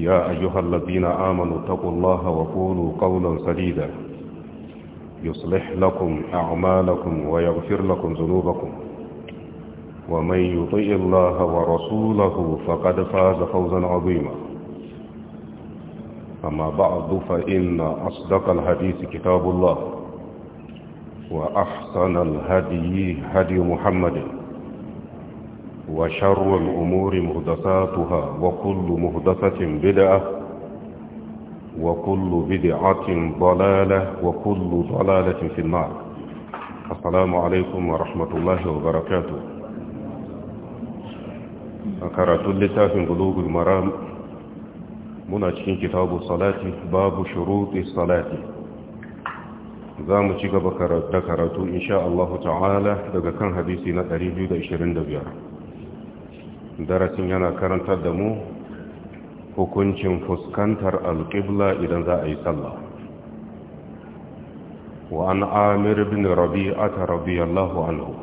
يا أيها الذين آمنوا اتقوا الله وقولوا قولا سديدا يصلح لكم أعمالكم ويغفر لكم ذنوبكم ومن يطيء الله ورسوله فقد فاز فوزا عظيما أما بعد فإن أصدق الحديث كتاب الله وأحسن الهدي هدي محمد وشر الأمور مهدساتها وكل مهدسة بدعة وكل بدعة ضلالة وكل ضلالة في النار السلام عليكم ورحمة الله وبركاته أكرت اللتا في قلوب المرام مناشين كتاب الصلاة باب شروط الصلاة za mu ci gaba da karatu insha Allah ta'ala daga kan hadisi na 225 darasin yana karantar da mu hukuncin fuskantar alƙibla idan za a yi sallah wa an amir bin rabi'ata rabiyallahu anhu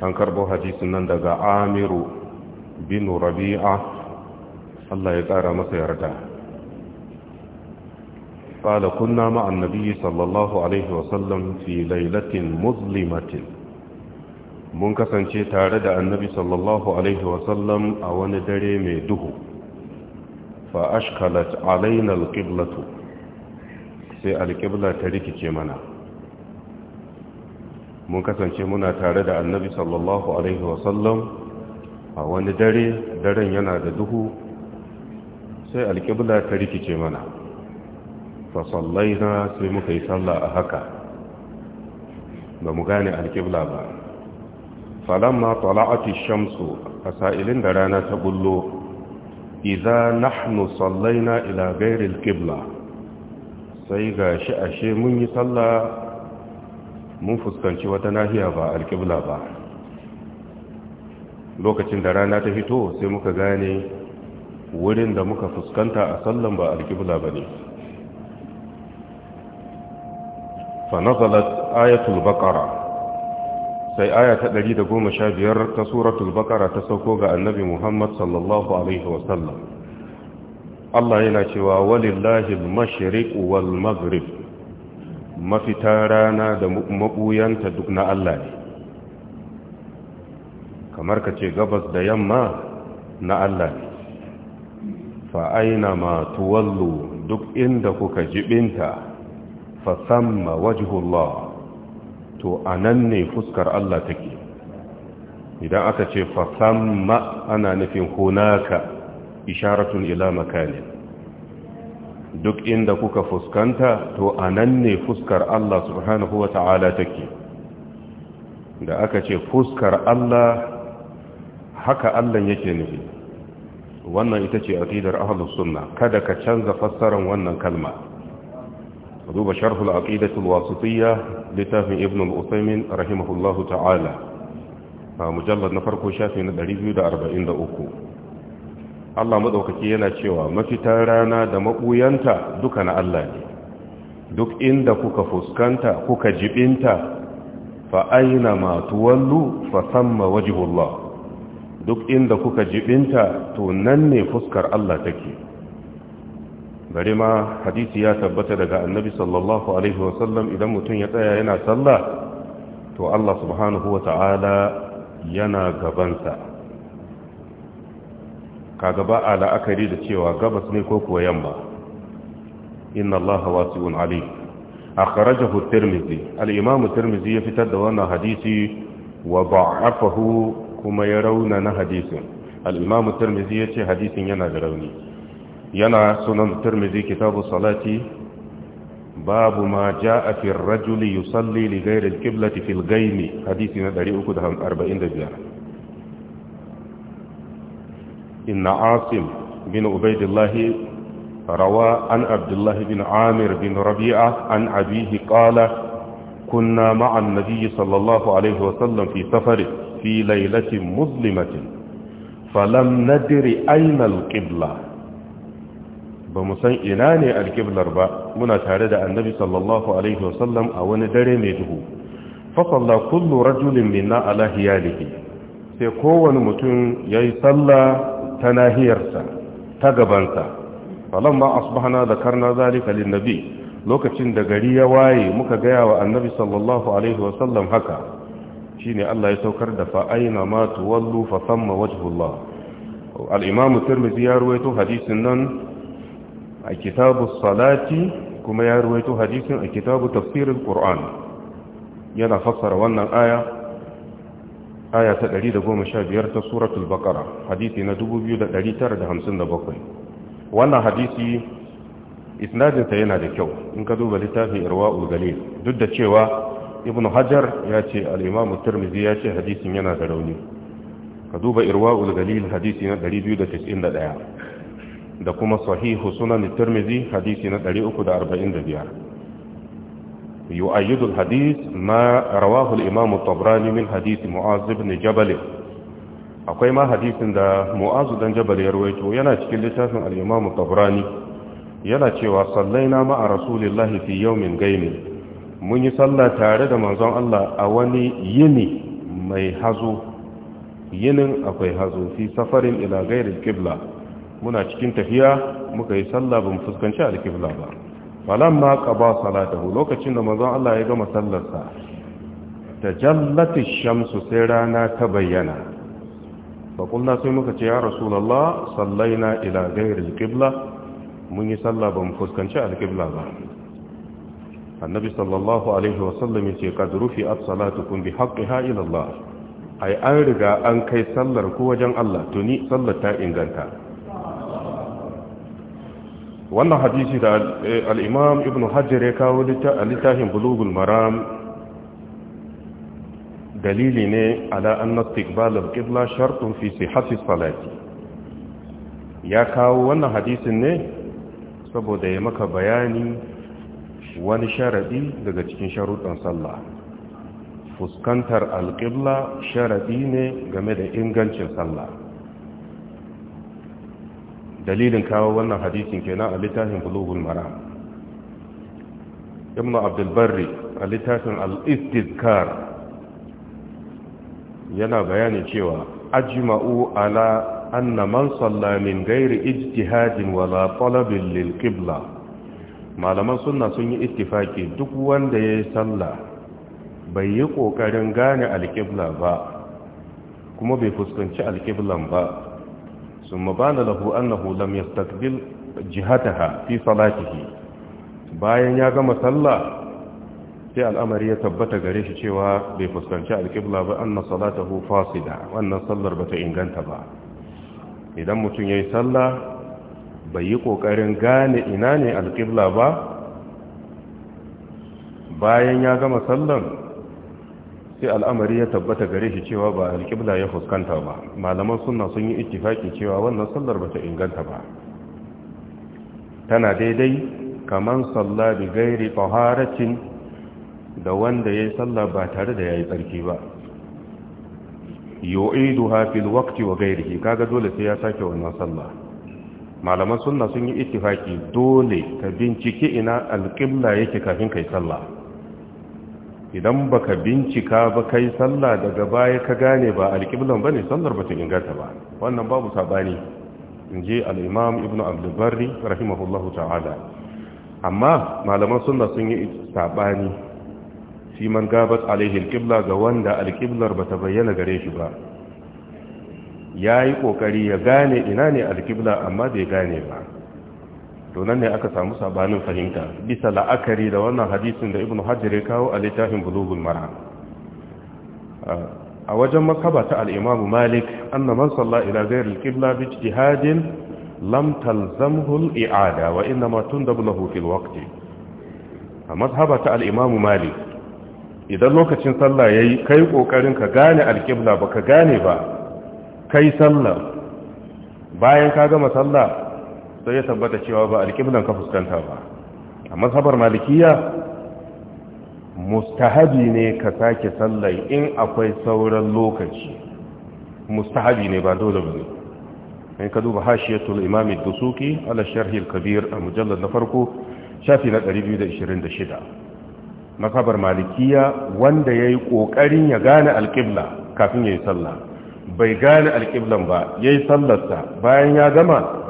an karbo hadisin nan daga amiru bin rabi'a Allah ya ƙara masa yarda قال كنا مع النبي صلى الله عليه وسلم في ليلة مظلمة mun kasance tare da annabi sallallahu alaihi wasallam a wani dare mai duhu fa ashkalat alaina alqiblatu sai alqibla ta rikice mana mun kasance muna tare da annabi sallallahu alaihi wasallam a wani dare daren yana da duhu sai alqibla ta rikice mana fa sallaina sai muka yi sallah a haka ba mu gane alqibla ba falamma tala'ati shamsu a sa'ilin da rana ta bullo iza nahnu sallaina ila gairil kibla sai ga shi ashe mun yi sallah mun fuskanci wata nahiya ba Alkibla ba lokacin da rana ta fito sai muka gane wurin da muka fuskanta a sallan ba ba bane fa nazalat ayatul baqara sai aya ta 115 ta suratul baqara ta sauko ga annabi Muhammad sallallahu alaihi wasallam Allah yana cewa walillahi al-mashriq wal maghrib mafita rana da mabuyanta duk na Allah ne kamar ka ce gabas da yamma na Allah ne fa aina ma tuwallu duk inda kuka jibinta fa samma wajhullah to a nan ne fuskar Allah take idan aka ce fasamma ana nufin hunaka isharatun ila makani duk inda kuka fuskanta to a nan ne fuskar Allah subhanahu wa ta'ala take da aka ce fuskar Allah haka Allah yake nufi wannan ita ce aqidar ahlus sunna kada ka canza fassarar wannan kalma duba sharhul aqidatul wasitiyya littafin ibn al-usaymin rahimahullahu ta'ala a mujallar na farko shafi na 243 Allah maɗaukaki yana cewa mafita rana da maɓuyanta duka na Allah ne duk inda kuka fuskanta kuka jibinta fa aina ma tuwallu fa samma wajhullah duk inda kuka jibinta to nan ne fuskar Allah take bari ma hadisi ya tabbata daga annabi sallallahu alaihi wasallam idan mutum ya tsaya yana sallah to Allah subhanahu wa ta'ala yana gabansa kaga ba a la'akari da cewa gabas ne ko kuwa yamma inna Allah wasi'un alim akhrajahu at-tirmidhi al-imam at-tirmidhi ya fitar da wannan hadisi wa da'afahu kuma ya rauna na hadisin al-imam at-tirmidhi hadisin yana da rauni ينا سنن الترمذي كتاب الصلاة باب ما جاء في الرجل يصلي لغير الكبلة في الغيم حديثنا داري أكدهم أربعين دبيار إن عاصم بن عبيد الله روى عن عبد الله بن عامر بن ربيعة عن أبيه قال كنا مع النبي صلى الله عليه وسلم في سفر في ليلة مظلمة فلم ندر أين القبلة ba mu san ina ne alƙiblar ba muna tare da annabi sallallahu alaihi wasallam a wani dare mai duhu fasalla kullu rajulin minna ala hiyalihi sai kowane mutum ya yi sallah ta nahiyarsa ta gabansa falamma asbahna zakarna zalika linnabi lokacin da gari ya waye muka gaya wa annabi sallallahu alaihi wasallam haka shine Allah ya saukar da fa aina ma tuwallu fa thamma wajhullah al-imam tirmidhi ya ruwaito hadisin nan a kitabu salati kuma ya ruwaito hadisin a kitabu tafsirin ƙur'an yana fassara wannan aya aya ta 115 ta suratul baqara hadisi na 2957 wannan hadisi isnadinsa yana da kyau in ka duba littafin irwa'ul galil duk da cewa ibn hajar ya ce al'imamu turmizi ya ce hadisin yana da rauni ka duba irwa'ul galil hadisi na 291 da kuma sahihu sunan tirmizi hadisi na 345 da al-hadith ma rawahu al-imam at-tabrani min hadith mu'az ibn jabal akwai ma hadisin da mu'az dan jabal ya rawaito yana cikin littafin al-imam at-tabrani yana cewa sallaina ma'a rasulillahi fi yawmin gaimin mun yi sallah tare da manzon Allah a wani yini mai hazo yinin akwai hazo fi safarin ila ghairil qibla muna cikin tafiya muka yi sallah ba mu fuskanci alkibla ba falon ma ƙaba salatahu lokacin da manzon Allah ya gama sallarsa tajallati shamsu sai rana ta bayyana faƙulna sai muka ce ya rasulallah sallaina ila gairin ƙibla mun yi sallah ba mu fuskanci alkibla ba annabi sallallahu alaihi wa ya ce kad rufi at salatukum bi haqqiha ila Allah ai an riga an kai sallar ku wajen Allah tuni sallar ta inganta wannan hadisi da eh, al'imam ibn hajjar ya kawo littafin bulugul maram dalili ne ala annastik balar ƙibla shartun fi sihassis salati ya kawo wannan hadisin ne saboda ya maka bayani wani sharaɗi daga cikin sharuɗan sallah fuskantar alƙibla sharaɗi ne game da ingancin sallah dalilin kawo wannan hadisin kenan a littafin bulugul maram ibnu abdul barri a littafin al-istizkar yana bayani cewa ajma'u ala anna man salla min ghairi ijtihadin wala talabin lil qibla malaman sunna sun yi ittifaki duk wanda yayi sallah bai yi kokarin gane alqibla ba kuma bai fuskanci alqiblan ba ثم بان له أنه لم يستقبل جهتها في صلاته bayan ya gama sallah sai al'amari ya tabbata gare shi cewa bai fuskanci alƙibla ba anna salatahu fasida wannan sallar bata inganta ba idan mutum yayi sallah bai yi ƙoƙarin gane ina ne alƙibla ba bayan ya gama sallar. sai al'amari ya tabbata gare shi cewa ba alƙibla ya fuskanta ba malaman suna sun yi ittifaki cewa wannan sallar bata inganta ba tana daidai kaman salla bi gairi taharatin da wanda ya yi sallah ba tare da ya yi tsarki ba yu'iduha hafil waqti wa ghairihi kaga dole sai ya sake wannan sallah malaman sunna sun yi ittifaki dole ka bincike ina alƙibla yake kafin kai sallah idan baka bincika ba kai sallah daga baya ka gane ba alƙiblan ne sallar bata inganta ba wannan babu saɓani. In je imam ibnu abdul rahimahullahu ta'ala amma malaman suna sun yi saɓani, siman man gabat alaihi alƙibla ga wanda ba ta bayyana gare shi ba yi ƙoƙari ya gane ina ne alƙibla amma bai gane ba donan ne aka samu sabanin fahimta bisa la'akari da wannan hadisin da ibnu hajar ya kawo a littafin bulugun mara a wajen makaba ta Al'imamu malik anna man salla ila ghayr al bi ijtihadin lam talzamhu iada wa inma tundabu lahu fil waqti a mazhaba ta al malik idan lokacin sallah yayi kai kokarin ka gane Alkibla ba baka gane ba kai sallah bayan ka gama sallah sai ya tabbata cewa ba alƙiblan ka fuskanta ba a mazhabar malikiya mustahabi ne ka sake sallai in akwai sauran lokaci mustahabi ne ba dole ba ne in ka duba hashiyatul imami dusuki ala sharhil al-kabir a mujallar na farko shafi na 226 mazhabar malikiya wanda ya yi kokarin ya gane alƙibla kafin ya yi sallah bai gane alƙiblan ba ya yi sallarsa bayan ya gama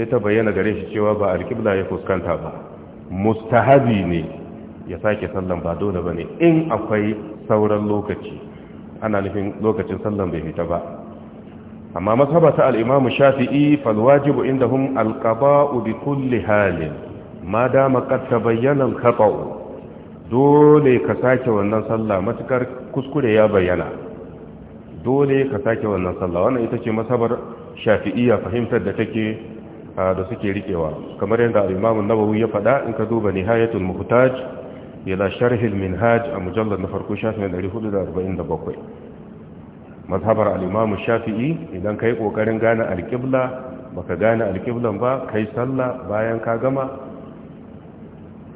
sai ta bayyana gare shi cewa ba alƙibla ya fuskanta ba mustahabi ne ya sake sallan ba dole ba ne in akwai sauran lokaci ana nufin lokacin sallan bai fita ba amma masaba ta al'imamu shafi'i falwajibu inda hun alƙaba'u bi kulli halin ma dama ƙarta bayyanan kaɓa'u dole ka sake wannan sallah matukar kuskure ya bayyana dole ka sake wannan sallah wannan ita ce masabar shafi'iyya fahimtar da take da suke rikewa kamar yadda al'imamin imam nawawi ya faɗa in ka duba Nihayatul Muhtaj ila Sharh al-Minhaj a mujallar na farko shafin 447 mazhabar al-Imam Shafi'i idan kai ƙoƙarin gane alƙibla ba ka gane alƙiblan ba kai sallah bayan ka gama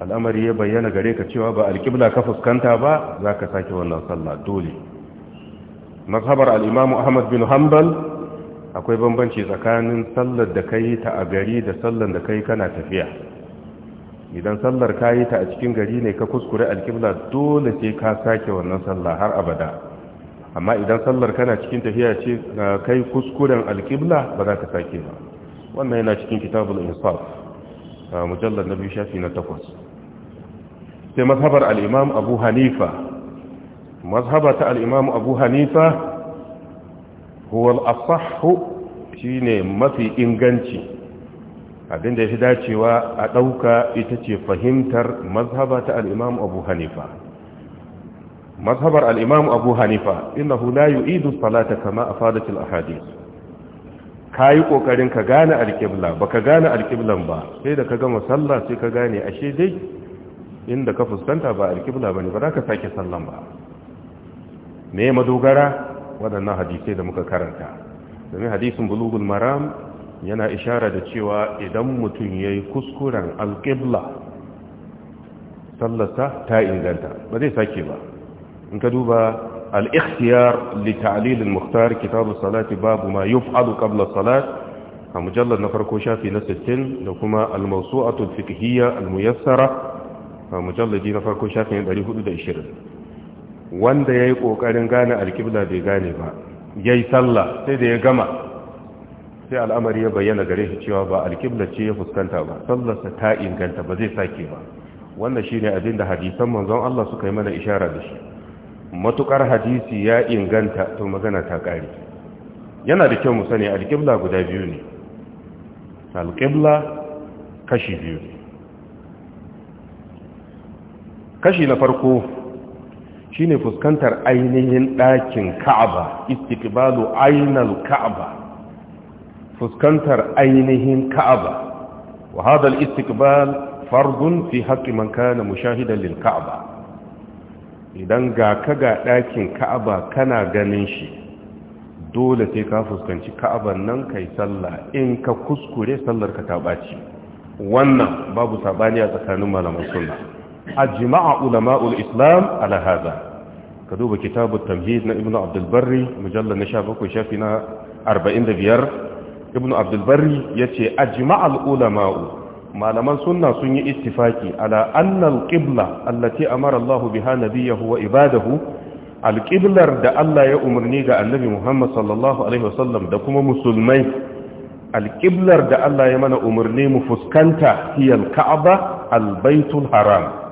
al'amari ya bayyana gare ka cewa ba alƙibla ka fuskanta ba za ka sake wannan sallah dole mazhabar al Ahmad bin Hanbal akwai bambanci tsakanin sallar da ka yi ta a gari da sallar da ka kana tafiya idan sallar ka yi ta a cikin gari ne ka kuskure alƙibla dole sai ka sake wannan salla har abada amma idan sallar kana cikin tafiya ce kai kuskuren alƙibla ba za ka sake ba wannan yana cikin kitabul insaf mujallar na biyu shafi na takwas sai mazhabar al'imam abu hanifa Mazhabar ta al'imam abu hanifa huwal asahhu shine mafi inganci abinda ya fi dacewa a ɗauka ita ce fahimtar mazhaba ta al'imam abu hanifa mazhabar al'imam abu hanifa Ina hula yi idu salata kama a fadatil ahadis ka yi ƙoƙarin ka gane alƙibla ba ka gane alƙiblan ba sai da ka gama sallah sai ka gane ashe dai inda ka fuskanta ba alƙibla ba ne ba za ka sake sallan ba me madogara waɗannan hadisai da muka karanta domin hadisin bulugul maram yana ishara da cewa idan mutum ya yi kuskuren alƙibla sallarsa ta inganta ba zai sake ba in ka duba al'ikhtiyar littalilin muhtar kitabu salati babu ma yi fa'adu ƙabla salat a mujallar na farko shafi na 60 da kuma almasu a tulfikiyya almuyassara a mujallar na farko shafi na 420 wanda ya yi ƙoƙarin gane alƙibla bai gane ba ya yi sallah sai da ya gama sai al'amari ya bayyana gare shi cewa ba alƙibla ce ya fuskanta ba sallarsa ta inganta ba zai sake ba wannan shi ne abin da hadisan manzon Allah suka yi mana ishara da shi matuƙar hadisi ya inganta to magana ta ƙari yana da kyau mu sani alƙibla guda biyu ne alƙibla kashi biyu kashi na farko shine fuskantar ainihin ɗakin ka'aba istiqbalu ainal ka'aba fuskantar ainihin ka'aba wa hadha al-istiqbal fardun fi haqqi man kana mushahidan lil ka'aba idan ga ka ga ɗakin ka'aba kana ganin shi dole sai ka fuskanci ka'aban nan kai sallah in ka kuskure sallar ka ta ɓaci wannan babu sabani a tsakanin malaman sunna A ajma'a ulama'ul islam ala hadha ka duba kitabut tamhid na ibnu mujallar barri mujallal na 17 shafi na 45 ibnu abdul barri yace ajma'al ulama'u malaman sunna sun yi ittifaki ala annal ƙibla allati amara Allah biha nabiyahu wa ibadahu Alƙiblar da Allah ya umarni ga annabi Muhammad sallallahu alaihi wasallam da kuma musulmai Alƙiblar da Allah ya mana umarni mu fuskanta Ka'aba alka'aba albaytul haram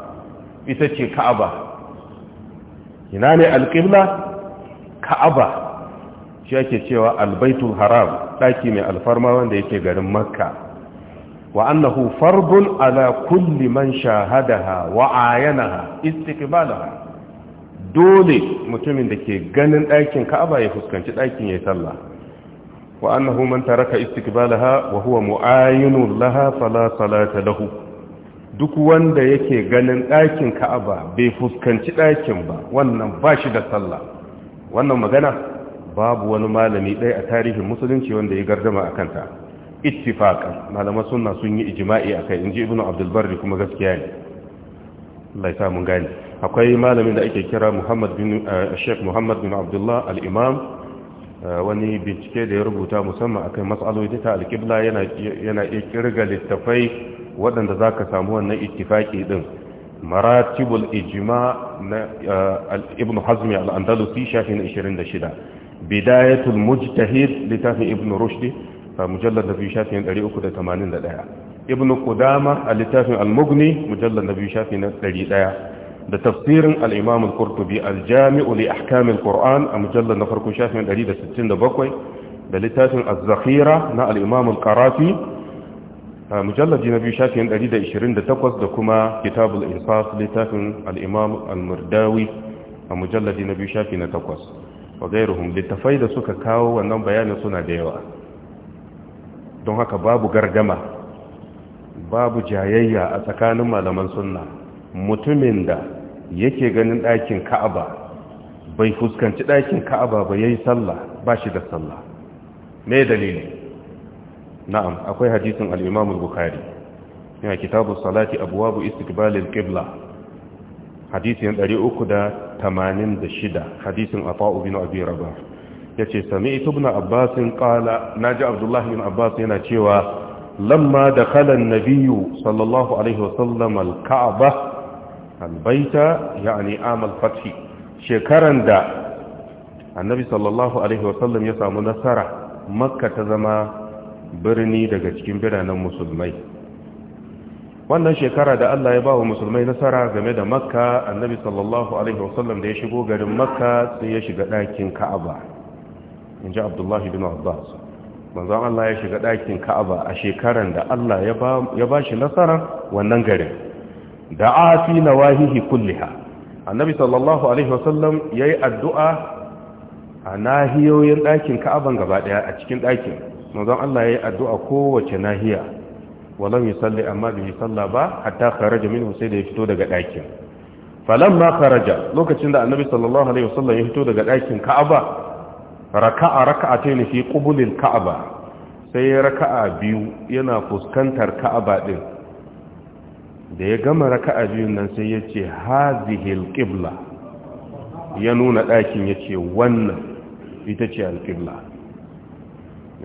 ita ce ka'aba ina ne alƙibla ka'aba shi ake cewa albaitul haram ɗaki mai alfarma wanda yake garin makka wa annahu farbun ala kulli man shahadaha wa ayanaha istiqbalaha dole mutumin da ke ganin ɗakin ka'aba ya fuskanci ɗakin ya sallah wa annahu man taraka istiqbalaha wa huwa laha fala salata lahu duk wanda yake ganin ɗakin ka'aba bai fuskanci ɗakin ba wannan ba shi da sallah wannan magana babu wani malami ɗaya a tarihin musulunci wanda ya gardama a kanta ittifaqan malamar suna sun yi a kai in ibnu abdul barri kuma gaskiya ne lai samun mun akwai malamin da ake kira Muhammad bin eh, Muhammad bin Abdullah al-Imam eh, wani bincike da ya rubuta musamman akan kai ta al-qibla yana yana kirga littafai waɗanda za ka samu wannan ittifaki ɗin maratibul ijima na ibn hazmi al'andalusi shafi na 26 bidayatul mujtahid littafin ibn rushdi a mujallar da biyu shafi na 381 ibn kudama a littafin al-mugni mujallar da biyu shafi na 100 da tafsirin al'imam al-kurtubi al-jami'u li ahkamin ƙor'an a mujallar na farko shafin 167 da littafin az-zakhira na al'imam al-karafi mujallaji na biyu shafin 128 da kuma kitabul insaf littafin alimam al-murdawi a mujallaji na biyu shafi na 8 wa gairuhum littafai da suka kawo wannan bayanin suna da yawa don haka babu gargama babu jayayya a tsakanin malaman sunna mutumin da yake ganin ɗakin ka'aba bai fuskanci ɗakin ka'aba ba yayi sallah ba shi da sallah me dalili na'am akwai hadisin al-imam al-bukhari yana kitabu salati abwabu istiqbal al-qibla hadisin 386 hadisin afa'u bin abi rabah yace sami'tu ibn abbas qala naji abdullah bin abbas yana cewa lamma dakhala an-nabiy sallallahu alaihi sallam al-ka'bah al-baita yani amal fath shekaran da annabi sallallahu alaihi sallam ya samu nasara makka ta zama birni daga cikin biranen musulmai wannan shekara da Allah ya ba wa musulmai nasara game da makka annabi sallallahu alaihi wasallam da ya shigo garin makka sai ya shiga ɗakin ka'aba in ji abdullahi bin abbas manzon Allah ya shiga ɗakin ka'aba a shekaran da Allah ya ba shi nasara wannan garin da afi nawahihi kulliha annabi sallallahu alaihi wasallam yayi addu'a a nahiyoyin ɗakin ka'aban gaba ɗaya a cikin ɗakin manzon Allah ya yi addu'a kowace nahiya yi salli amma yi salla ba hatta kharaja min sai da ya fito daga ɗakin falon ma kharaja lokacin da annabi sallallahu alaihi wasallam ya fito daga ɗakin ka'aba raka'a raka'a yi fi ƙubulin ka'aba sai ya raka'a biyu yana fuskantar ka'aba ɗin da ya gama raka'a biyu nan sai ya ce hazihil qibla ya nuna ɗakin ya ce wannan ita ce alƙibla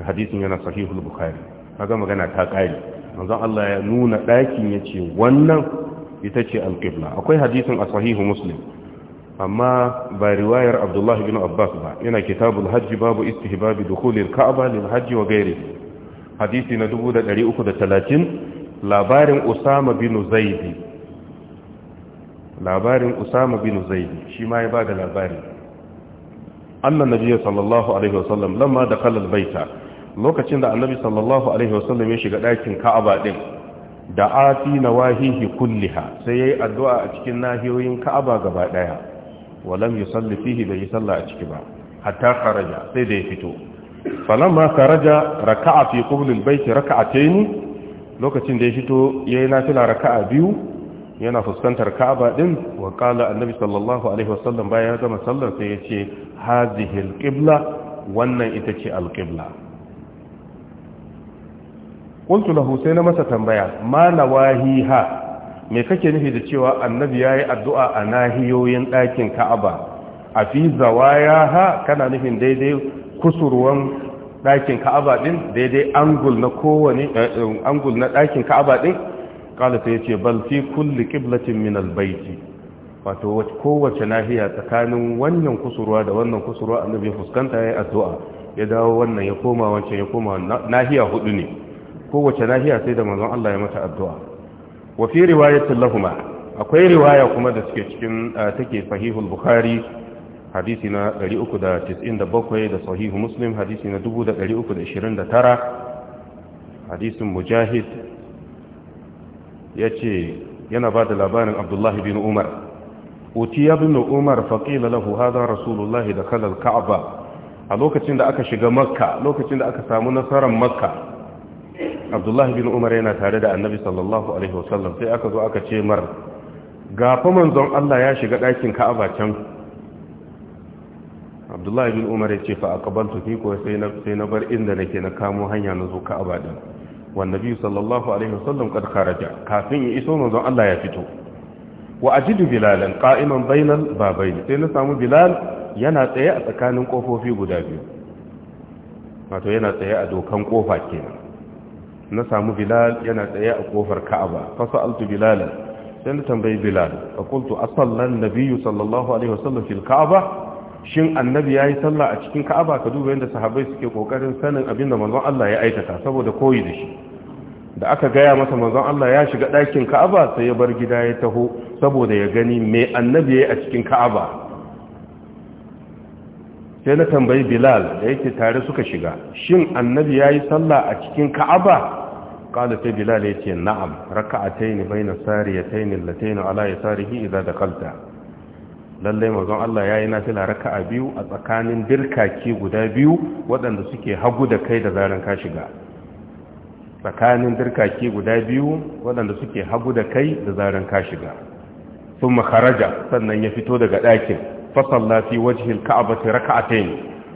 hadisin yana sahihul bukhari kaga magana ta kare manzon Allah ya nuna dakin yace wannan ita ce alqibla akwai hadisin a sahihu muslim amma ba riwayar abdullahi bin abbas ba yana kitabul hajji babu istihbabi dukhulil ka'aba lil hajji wa ghairi hadisi na 330 labarin usama bin zaidi labarin usama bin zaidi shi ma ya bada labari annan nabiyyi sallallahu alaihi wasallam lamma dakhala al-baita lokacin da annabi sallallahu alaihi wasallam ya shiga ɗakin ka'aba ɗin da afi nawahihi kulliha sai yayi addu'a a cikin nahiyoyin ka'aba gaba ɗaya walam yusalli fihi bai salla a ciki ba hatta kharaja sai da ya fito falamma kharaja raka'a fi qibl albayt raka'atayn lokacin da ya fito yayi nafila raka'a biyu yana fuskantar ka'aba din wa qala annabi sallallahu alaihi wasallam bayan ya gama sallar sai ya ce hazihi alqibla wannan ita ce alqibla qultu lahu sai na masa tambaya ma ha. me kake nufi da cewa annabi yayi addu'a a nahiyoyin ɗakin Ka'aba a fi ha kana nufin daidai kusurwan ɗakin Ka'aba din daidai angul na kowane eh, eh, angul na ɗakin Ka'aba din kala sai ce bal fi kulli qiblatin min albayti wato kowace nahiya tsakanin wannan kusurwa da wannan kusurwa annabi ya fuskanta yayi addu'a ya dawo wannan ya koma wancan ya koma nahiya hudu ne kowace nahiya sai da manzon Allah ya mata addu'a wa fi riwayatin lahuma akwai riwaya kuma da suke cikin take sahihul bukhari hadisi na 397 da sahihu muslim hadisi na 329 hadisin mujahid ya ce yana ba da labarin abdullahi bin umar utiya bin umar faƙila lahu haza rasulullahi da kalal ka'aba a lokacin da aka shiga makka lokacin da aka samu nasarar makka abdullahi bin umar yana tare da annabi sallallahu alaihi wasallam sai aka zo aka ce mar gafa manzon Allah ya shiga ɗakin ka'aba can abdullahi bin umar ya ce fa aqbaltu ni ko sai na sai na bar inda nake na kamo hanya na zo ka'aba din wannabi sallallahu alaihi wasallam kad kharaja kafin ya iso manzon Allah ya fito wa ajidu bilalan qa'iman bainal babayn sai na samu bilal yana tsaye a tsakanin kofofi guda biyu wato yana tsaye a dokan kofa kenan na samu bilal yana tsaye a kofar ka'aba fasa altu bilal sai na tambayi bilal a kultu asallan nabiyyu sallallahu alaihi wasallam fil ka'aba shin annabi yayi sallah a cikin ka'aba ka duba yadda sahabbai suke kokarin sanin abin da manzon Allah ya aikata saboda koyi da shi da aka gaya masa manzon Allah ya shiga ɗakin ka'aba sai ya bar gida ya taho saboda ya gani mai annabi yi a cikin ka'aba sai na tambayi bilal da yake tare suka shiga shin annabi ya yi sallah a cikin ka'aba ƙala sai bilal ya ce na'am a-taini bai na tsari ya taini nillatai ala ya tsarihi iza da kalta lallai mazan allah ya yi nafila a biyu a tsakanin dirkaki guda biyu waɗanda suke hagu da kai da zaren ka shiga tsakanin dirkaki guda biyu waɗanda suke hagu da kai da zaren ka shiga sun makaraja sannan ya fito daga ɗakin fa salla fi ta al-ka'bati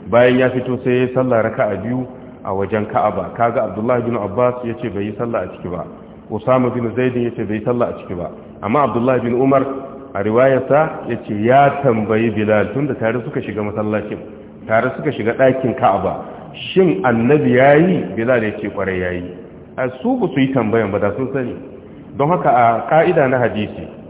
bayan ya fito sai ya salla raka'a biyu a wajen ka'aba kaga abdullah bin abbas yace bai yi salla a ciki ba usama bin zaid yace bai yi salla a ciki ba amma abdullah bin umar a riwayarsa yace ya tambayi bilal tunda tare suka shiga masallacin tare suka shiga ɗakin ka'aba shin annabi yayi bilal yace kware yayi a su ba su yi tambayan ba da sun sani don haka a ka'ida na hadisi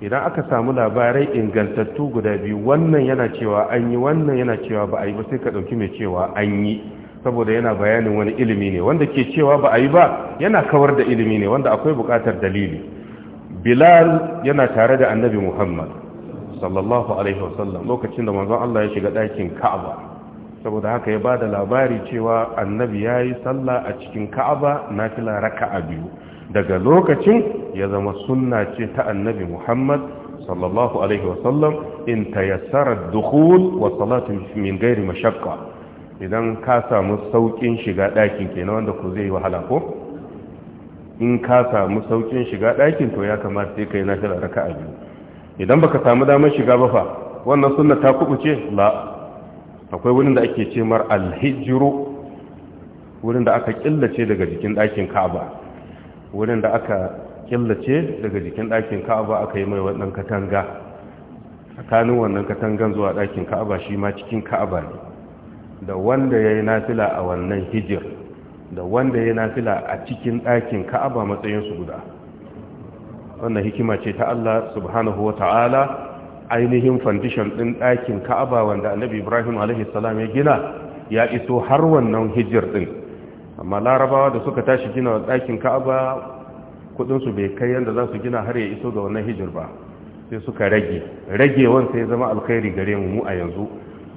idan aka samu labarai ingantattu guda biyu wannan yana cewa an yi wannan yana cewa ba a yi ba sai ka ɗauki mai cewa an yi saboda yana bayanin wani ilimi ne wanda ke cewa ba a yi ba yana kawar da ilimi ne wanda akwai buƙatar dalili bilal yana tare da annabi muhammad sallallahu alaihi wasallam lokacin da manzon allah ya shiga ɗakin ka'aba saboda haka ya ba da labari cewa annabi ya yi sallah a cikin ka'aba na fila raka'a biyu daga lokacin ya zama sunna ce ta annabi muhammad sallallahu alaihi wasallam in tayassara dukhul wa salatu min ghairi mashaqqa idan ka samu saukin shiga ɗakin kenan wanda ku zai wahala ko in ka samu saukin shiga ɗakin to ya kamata sai kai nafila raka'a biyu idan baka samu damar shiga ba fa wannan sunna ta kubuce la akwai wurin da ake ce mar alhijiru wurin da aka killace daga jikin ɗakin ka'aba wurin da aka killace daga jikin ɗakin ka'aba aka yi mai wannan katanga tsakanin wannan katangan zuwa ɗakin ka'aba shi ma cikin ka'aba ne da wanda ya yi nafila a wannan hijir da wanda ya yi nafila a cikin ɗakin ka'aba matsayinsu guda wannan hikima ce ta Allah subhanahu wa ta'ala ainihin fandishon ɗin ɗakin ka'aba wanda annabi ibrahim a.s. ya gina ya iso har wannan hijir ɗin amma larabawa da suka tashi gina ɗakin ka'aba kudinsu bai kai yadda za su gina har ya iso ga wannan hijir ba sai suka rage ragewan sai zama alkhairi gare mu mu a yanzu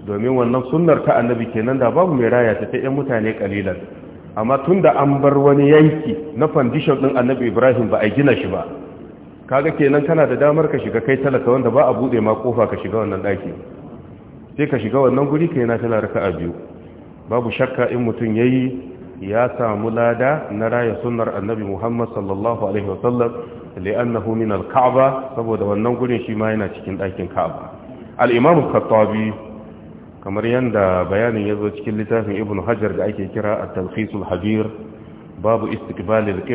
domin wannan sunnar ta annabi kenan da babu mai raya ta ta 'yan mutane kalilan amma tun da an bar wani yanki na foundation ɗin annabi Ibrahim ba a gina shi ba kaga kenan kana da damar ka shiga kai talaka wanda ba a bude ma kofa ka shiga wannan ɗaki sai ka shiga wannan guri kai na tana a biyu babu shakka in ya yayi ya samu lada na raya sunnar annabi Muhammad sallallahu alaihi wasallam li'annahu min al-Ka'ba saboda wannan gurin shi ma yana cikin ɗakin Ka'ba al-Imam khattabi kamar yadda bayanin ya zo cikin littafin Ibn Hajar da ake kira at-Talkhis habir babu istiqbal al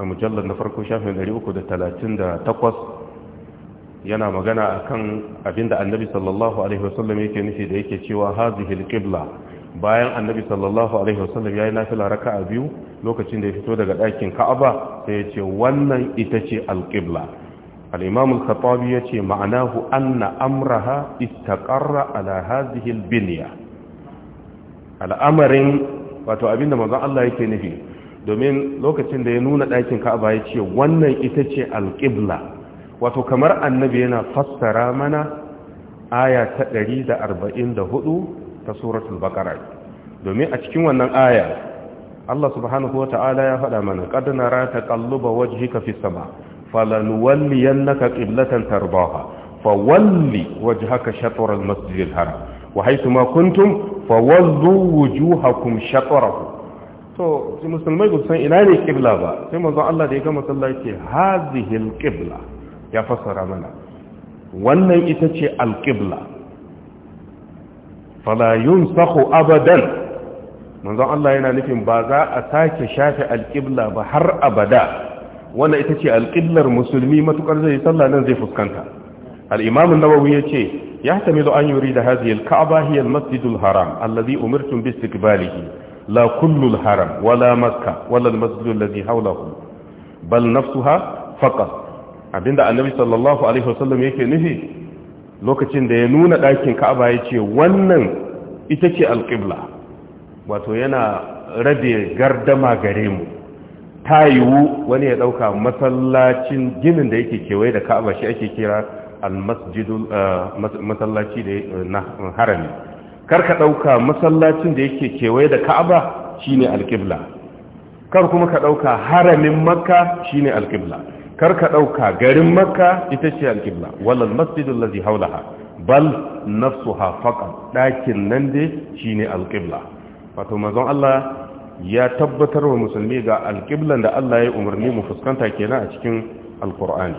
a mujallar na farko shafin 338 yana magana kan abinda annabi sallallahu alaihi wasallam yake nufi da yake cewa hazihil al bayan annabi sallallahu alaihi wasallam yayi nafila raka'a biyu lokacin da ya fito daga ɗakin Ka'aba sai ya ce wannan ita ce al-qibla al-imam al-khattabi yace ma'anahu anna amraha istaqarra ala hadhihi al-binya al'amarin wato abinda manzon Allah yake nufi domin lokacin da ya nuna ɗakin Ka'aba ya ce wannan ita ce al-qibla wato kamar annabi yana fassara mana aya ta 144 ta suratul baqara domin a cikin wannan aya Allah subhanahu wata'ala ya faɗa mana qad nara taqalluba wajhika fis sama falanuwalliyannaka qiblatan tarbaha fawalli wajhaka shatr al masjid al haram wa haythuma kuntum fawallu wujuhakum shatrahu to musulmai ba san ina ne qibla ba sai manzon Allah da ya gama masallaci hazihi al qibla ya fassara mana wannan ita ce al qibla fala saku abadan manzon Allah yana nufin ba za a sake shafe alƙibla ba har abada wanda ita ce alƙiblar musulmi matukar zai sallah nan zai fuskanta al-imam an-nawawi yace يحتمل أن يريد هذه الكعبة haram المسجد الحرام الذي أمرتم la لا haram wala ولا wala ولا المسجد الذي bal بل نفسها abinda annabi sallallahu alaihi wasallam yake nufi lokacin da ya nuna ɗakin ka'aba ya ce wannan ita ce alƙibla wato yana rabe gardama gare mu ta yiwu wani ya ɗauka masallacin ginin da yake kewaye da ka'aba shi ake kira eh, masallaci eh, na harami karka ɗauka masallacin da yake kewaye da ka'aba shi ne alƙibla kar kuma ka ɗauka haramin makka ne alƙibla kar ka ɗauka garin makka ita ce alƙibla walal masjidun lazi haulaha bal nafsu hafaƙa ɗakin nan dai shi ne alƙibla wato mazan Allah ya tabbatar wa musulmi ga alƙiblan da Allah ya umarni mu fuskanta kenan a cikin alƙur'ani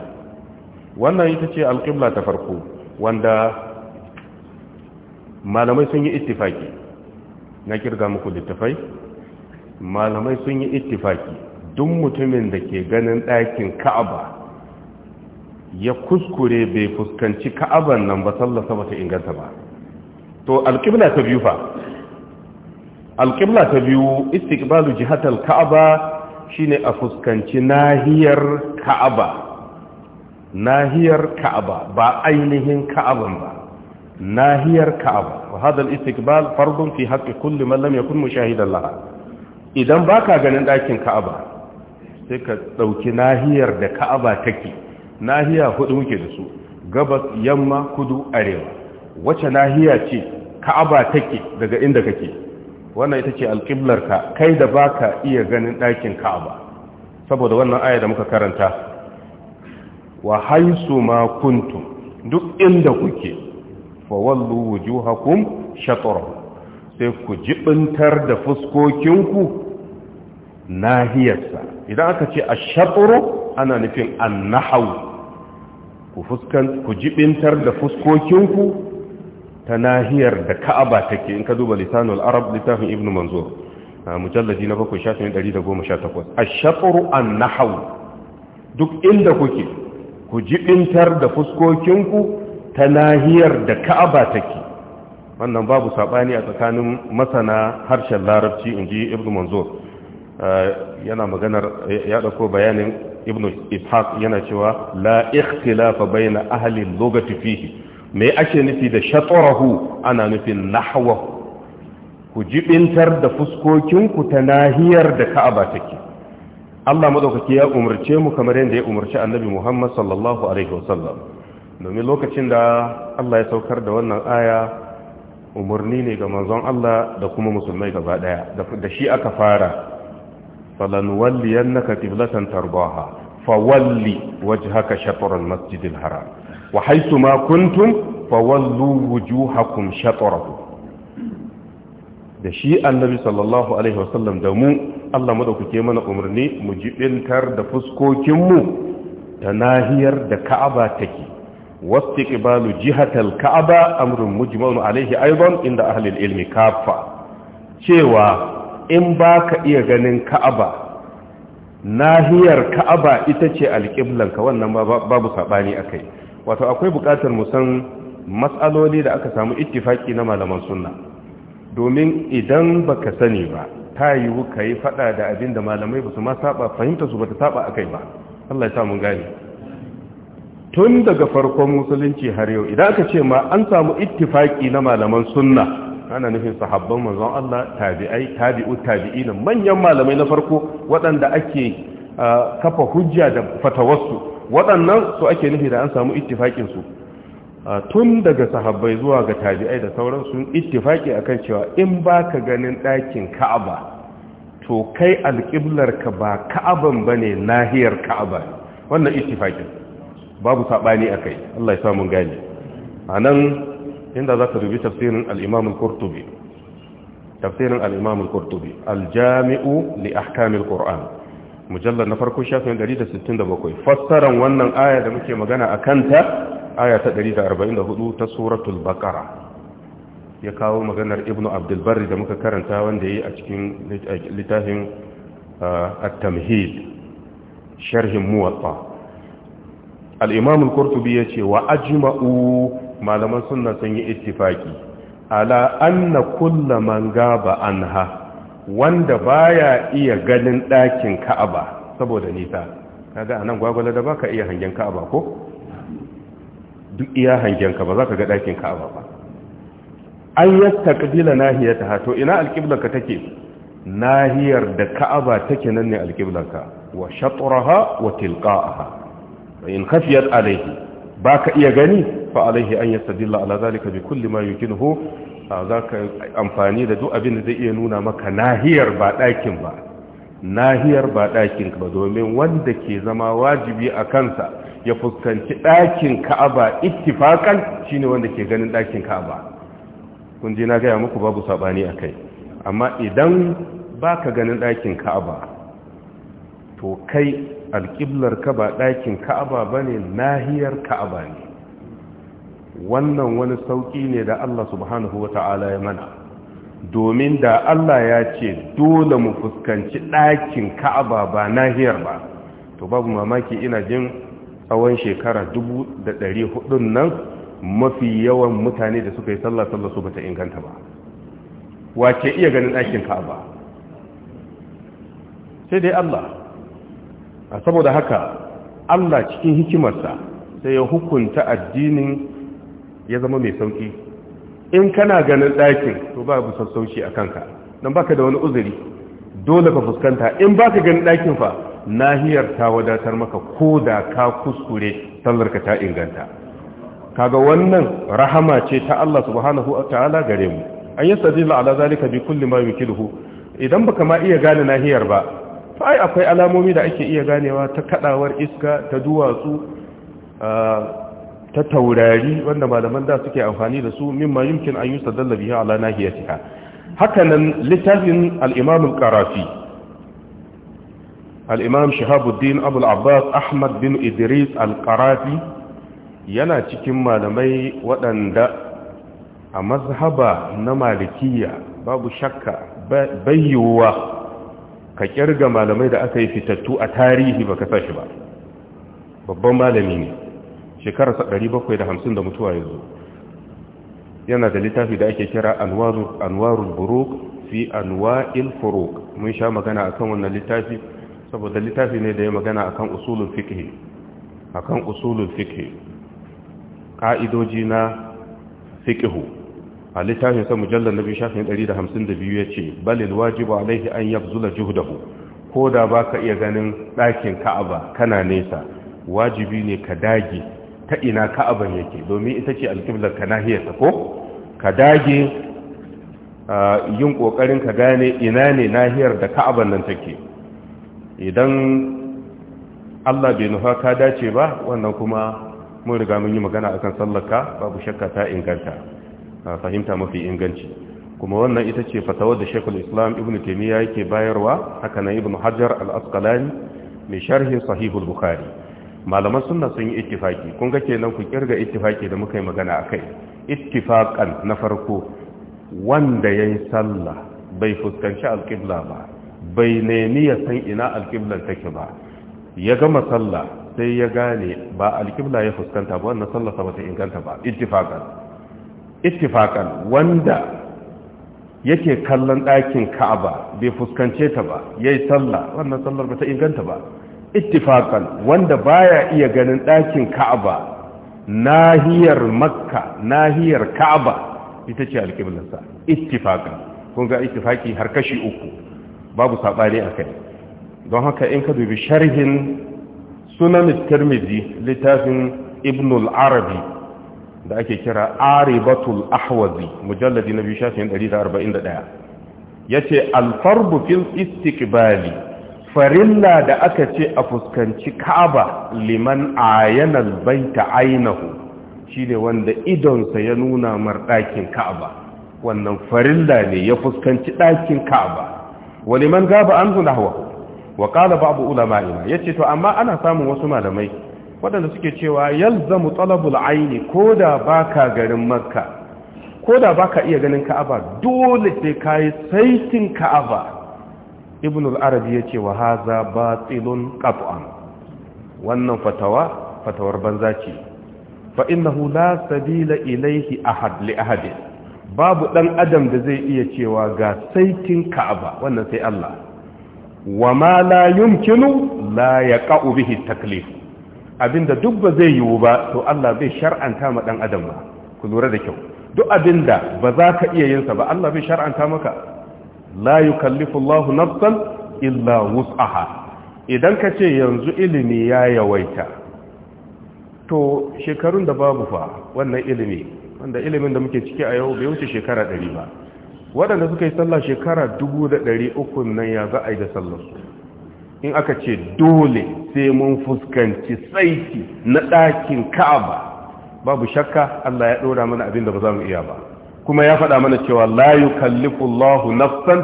wannan ita ce alƙibla ta farko wanda malamai sun yi ittifaki na kirga muku littafai malamai sun yi ittifaki duk mutumin da ke ganin ɗakin ka'aba ya kuskure bai fuskanci ka'aban nan ba sallasa ba ta inganta ba to alƙibla ta biyu fa alƙibla ta biyu istiqbalu jihatal ka'aba shine a fuskanci nahiyar ka'aba nahiyar ka'aba ba ainihin ka'aban ba nahiyar ka'aba wa hadal istiqbal fardun fi haqqi kulli man lam yakun mushahidan laha idan baka ganin ɗakin ka'aba sai ka ɗauki nahiyar da ka'aba take nahiya hudu muke da su gabas yamma kudu arewa wace nahiya ce ka'aba take daga inda kake wannan ita ce ka kai da baka iya ganin ɗakin ka'aba saboda wannan aya da muka karanta wa haisu ma kuntu duk inda kuke fa wallu wujuhakum shatara sai ku jibintar da fuskokinku nahiyarsa idan aka ce a ashatru ana nufin annahu ku fuskan ku jibintar da fuskokinku ta nahiyar da Ka'aba take in ka duba lisanul arab littafin ibn manzur mujallaji na 7 shafin 118 na hau duk inda kuke ku jibintar da fuskokinku ta nahiyar da Ka'aba take wannan babu saɓani a tsakanin masana harshen larabci in ji ibn manzur yana maganar ya ɗauko bayanin ibn ishaq yana cewa la ikhtilafa baina ahli lugati fihi me ake nufi da shatrahu ana nufin nahwa ku jibintar da fuskokinku ta nahiyar da ka'aba take Allah madaukaki ya umarce mu kamar yadda ya umarci annabi Muhammad sallallahu alaihi wasallam domin lokacin da Allah ya saukar da wannan aya umarni ne ga manzon Allah da kuma musulmai gaba daya da shi aka fara فلنولينك قبلة ترضاها فولي وجهك شطر المسجد الحرام وحيث ما كنتم فولوا وجوهكم شطره da shi annabi sallallahu alaihi wasallam da mu Allah madaukake mana umarni mu jibintar da fuskokinmu ta nahiyar da Ka'aba take Balu jihatal Ka'aba amrun mujmalun alaihi aidan inda ahli ilmi kafa cewa in ba ka iya ganin ka'aba nahiyar ka'aba ita ce alƙiblanka wannan babu saɓani a kai wato akwai buƙatar musan matsaloli da aka samu ittifaki na malaman suna, domin idan ba ka sani ba ta yiwu ka yi faɗa da abin da malamai ba su ma saba fahimta su ba ta saba a kai ba Allah ya samun gani tun daga farkon musulunci har yau idan aka ce ma an samu ittifaki na malaman sunna ana nufin sahabban manzon Allah tabi'ai tabi'u tabi'ina manyan malamai na farko waɗanda ake kafa hujja da fatawarsu waɗannan su ake nufi da an samu ittifakin su tun daga sahabbai zuwa ga tabi'ai da sauran sun ittifaki akan cewa in baka ganin ɗakin Ka'aba to kai ka ba Ka'aban bane nahiyar Ka'aba wannan ittifakin babu sabani akai Allah ya samu gani anan inda za ka dubi tafsirin al'imam al-kurtubi tafsirin al'imam kurtubi aljami'u li ahkamil qur'an mujallar na farko shafin 167 fassaran wannan aya da muke magana a kanta aya ta 144 ta suratul baqara ya kawo maganar ibnu abdulbari da muka karanta wanda ya yi a cikin littafin at-tamhid sharhin muwatta al-imam al-qurtubi yace wa ajma'u malaman sunna sun yi ittifaki ala anna kulla man gaba anha wanda baya iya ganin ɗakin ka'aba saboda nisa kaga anan gwagwala da baka iya hangen ka'aba ko duk iya hangen ka ba za ka ga ɗakin ka'aba ba an yadda ƙabila nahiyar ta hato ina alƙiblarka take nahiyar da ka'aba take nan ne ka. wa shatraha wa tilqa'aha in khafiyat alayhi baka iya gani fa alaihi an yastadilla ala zalika bi kulli ma yukinhu zaka amfani da duk abin da zai iya nuna maka nahiyar ba ɗakin ba nahiyar ba ɗakin ba domin wanda ke zama wajibi a kansa ya fuskanci ɗakin Ka'aba ittifakan shine wanda ke ganin dakin Ka'aba kun ji na ga muku babu sabani akai amma idan baka ganin ɗakin Ka'aba to kai alƙiblar ka ba ɗakin ka'aba ba ne nahiyar ka'aba ne wannan wani sauƙi ne da Allah subhanahu wa ta'ala ya mana domin da Allah ya ce dole mu fuskanci ɗakin ka'aba ba nahiyar ba to babu mamaki ina jin tsawon shekara dubu da ɗari hudun nan mafi yawan mutane da suka yi sallah sallah su bata inganta ba wace iya ganin ɗakin ka'aba sai dai Allah saboda haka Allah cikin hikimarsa sai ya hukunta addinin ya zama mai sauki in kana ganin ɗakin to ba bu sassauci a kanka don baka da wani uzuri dole ka fuskanta in baka ganin ɗakin fa nahiyar ta wadatar maka ko da ka kuskure sallarka ta inganta kaga wannan rahama ce ta Allah subhanahu wa ta'ala gare mu an yi sadila ala zalika bi kulli ma yukiluhu idan baka ma iya gane nahiyar ba to ai akwai alamomi da ake iya ganewa ta kadawar iska ta duwatsu ah, ta taurari wanda malaman da suke amfani da su mimma yumkin an yustadalla bihi ala nahiyatiha nan littafin al-imam al-qarafi al-imam shahabuddin abu al-abbas ahmad bin idris al-qarafi yana cikin malamai waɗanda a mazhaba na malikiya babu shakka bayyuwa ka kirga malamai da aka yi fitattu a tarihi baka sashi ba babban malami ne shekararsa 750 da mutuwa ya zo yana da littafi da ake kira anwarul buruk fi anwa'il furuk mun sha magana akan wannan littafi saboda littafi ne da ya magana akan usulul fiqh akan usulul fiqh ka'idoji na fiqh a littafin sa mujallal nabi shafi 152 yace balil wajibu alaihi an yabzula juhdahu ko da baka iya ganin ɗakin ka'aba kana nesa wajibi ne ka dage ta ina ka'aban yake domin ita ce alƙiblar ka nahiyar ta. ko ka dage yin ƙoƙarin ka gane ina ne nahiyar da ka'aban nan take idan Allah bai nufa ka dace ba wannan kuma mun riga mun yi magana akan sallaka, babu shakka ta inganta fahimta mafi inganci kuma wannan ita ce fatawar da shekul islam ibn taimiyya yake bayarwa haka na ibn al al-asqalani mai sharhin sahihul bukhari malaman sunna sun yi ittifaki kun ga kenan ku kirga ittifaki da muka yi magana akai ittifakan na farko wanda yi sallah bai fuskanci alqibla ba bai nemi ya san ina alqiblan take ba ya gama sallah sai ya gane ba alqibla ya fuskanta ba wannan sallah ba bata inganta ba ittifakan ittifakan wanda yake kallon ɗakin Ka'aba bai fuskance ta ba yi sallah wannan sallar bata inganta ba ittifaqan wanda baya iya ganin ɗakin Ka'aba nahiyar Makka nahiyar Ka'aba ita ce alƙiblarsa ittifaqan kun ga ittifaki har kashi uku babu a kai. don haka in ka dubi sharhin sunan Tirmidhi littafin Ibn al-Arabi da ake kira Aribatul Ahwazi mujalladi na biyu shafin 141 yace al-fardu fil istiqbali farilla da aka ce a fuskanci ka'aba liman ayanal baita ainahu ne wanda idonsa ya nuna mar ka'aba wannan farilla ne ya fuskanci ɗakin ka'aba wani man gaba an zuna hawa wa ƙala babu ulama ya ce to amma ana samun wasu malamai waɗanda suke cewa yalzamu talabul aini ko da garin makka ko da ba iya ganin ka'aba dole sai ka yi saitin ka'aba ibn al-arabi yace wa hadha batilun qat'an wannan fatawa fatawar banza ce fa innahu hula sabila ilayhi ahad li babu dan adam da zai iya cewa ga saitin ka'aba wannan sai Allah wa ma la yumkinu la yaqa'u bihi taklif abinda duk ba zai yiwu ba to Allah bai shar'anta ma dan adam ba ku lura da kyau duk abinda ba za ka iya yin sa ba Allah bai shar'anta maka la yukallifu Allahu nafsan illa wus'aha idan ka ce yanzu ilimi ya yawaita to shekarun da babu fa wannan ilimi wanda ilimin da muke ciki a yau bai wuce shekara 100 ba waɗanda suka yi sallah shekara 1300 nan ya za a yi da sallar in aka ce dole sai mun fuskanci tsaiki na ɗakin ka'aba babu shakka Allah ya ɗora mana abin da ba za mu iya ba kuma ya faɗa mana cewa la yukallifu Allahu nafsan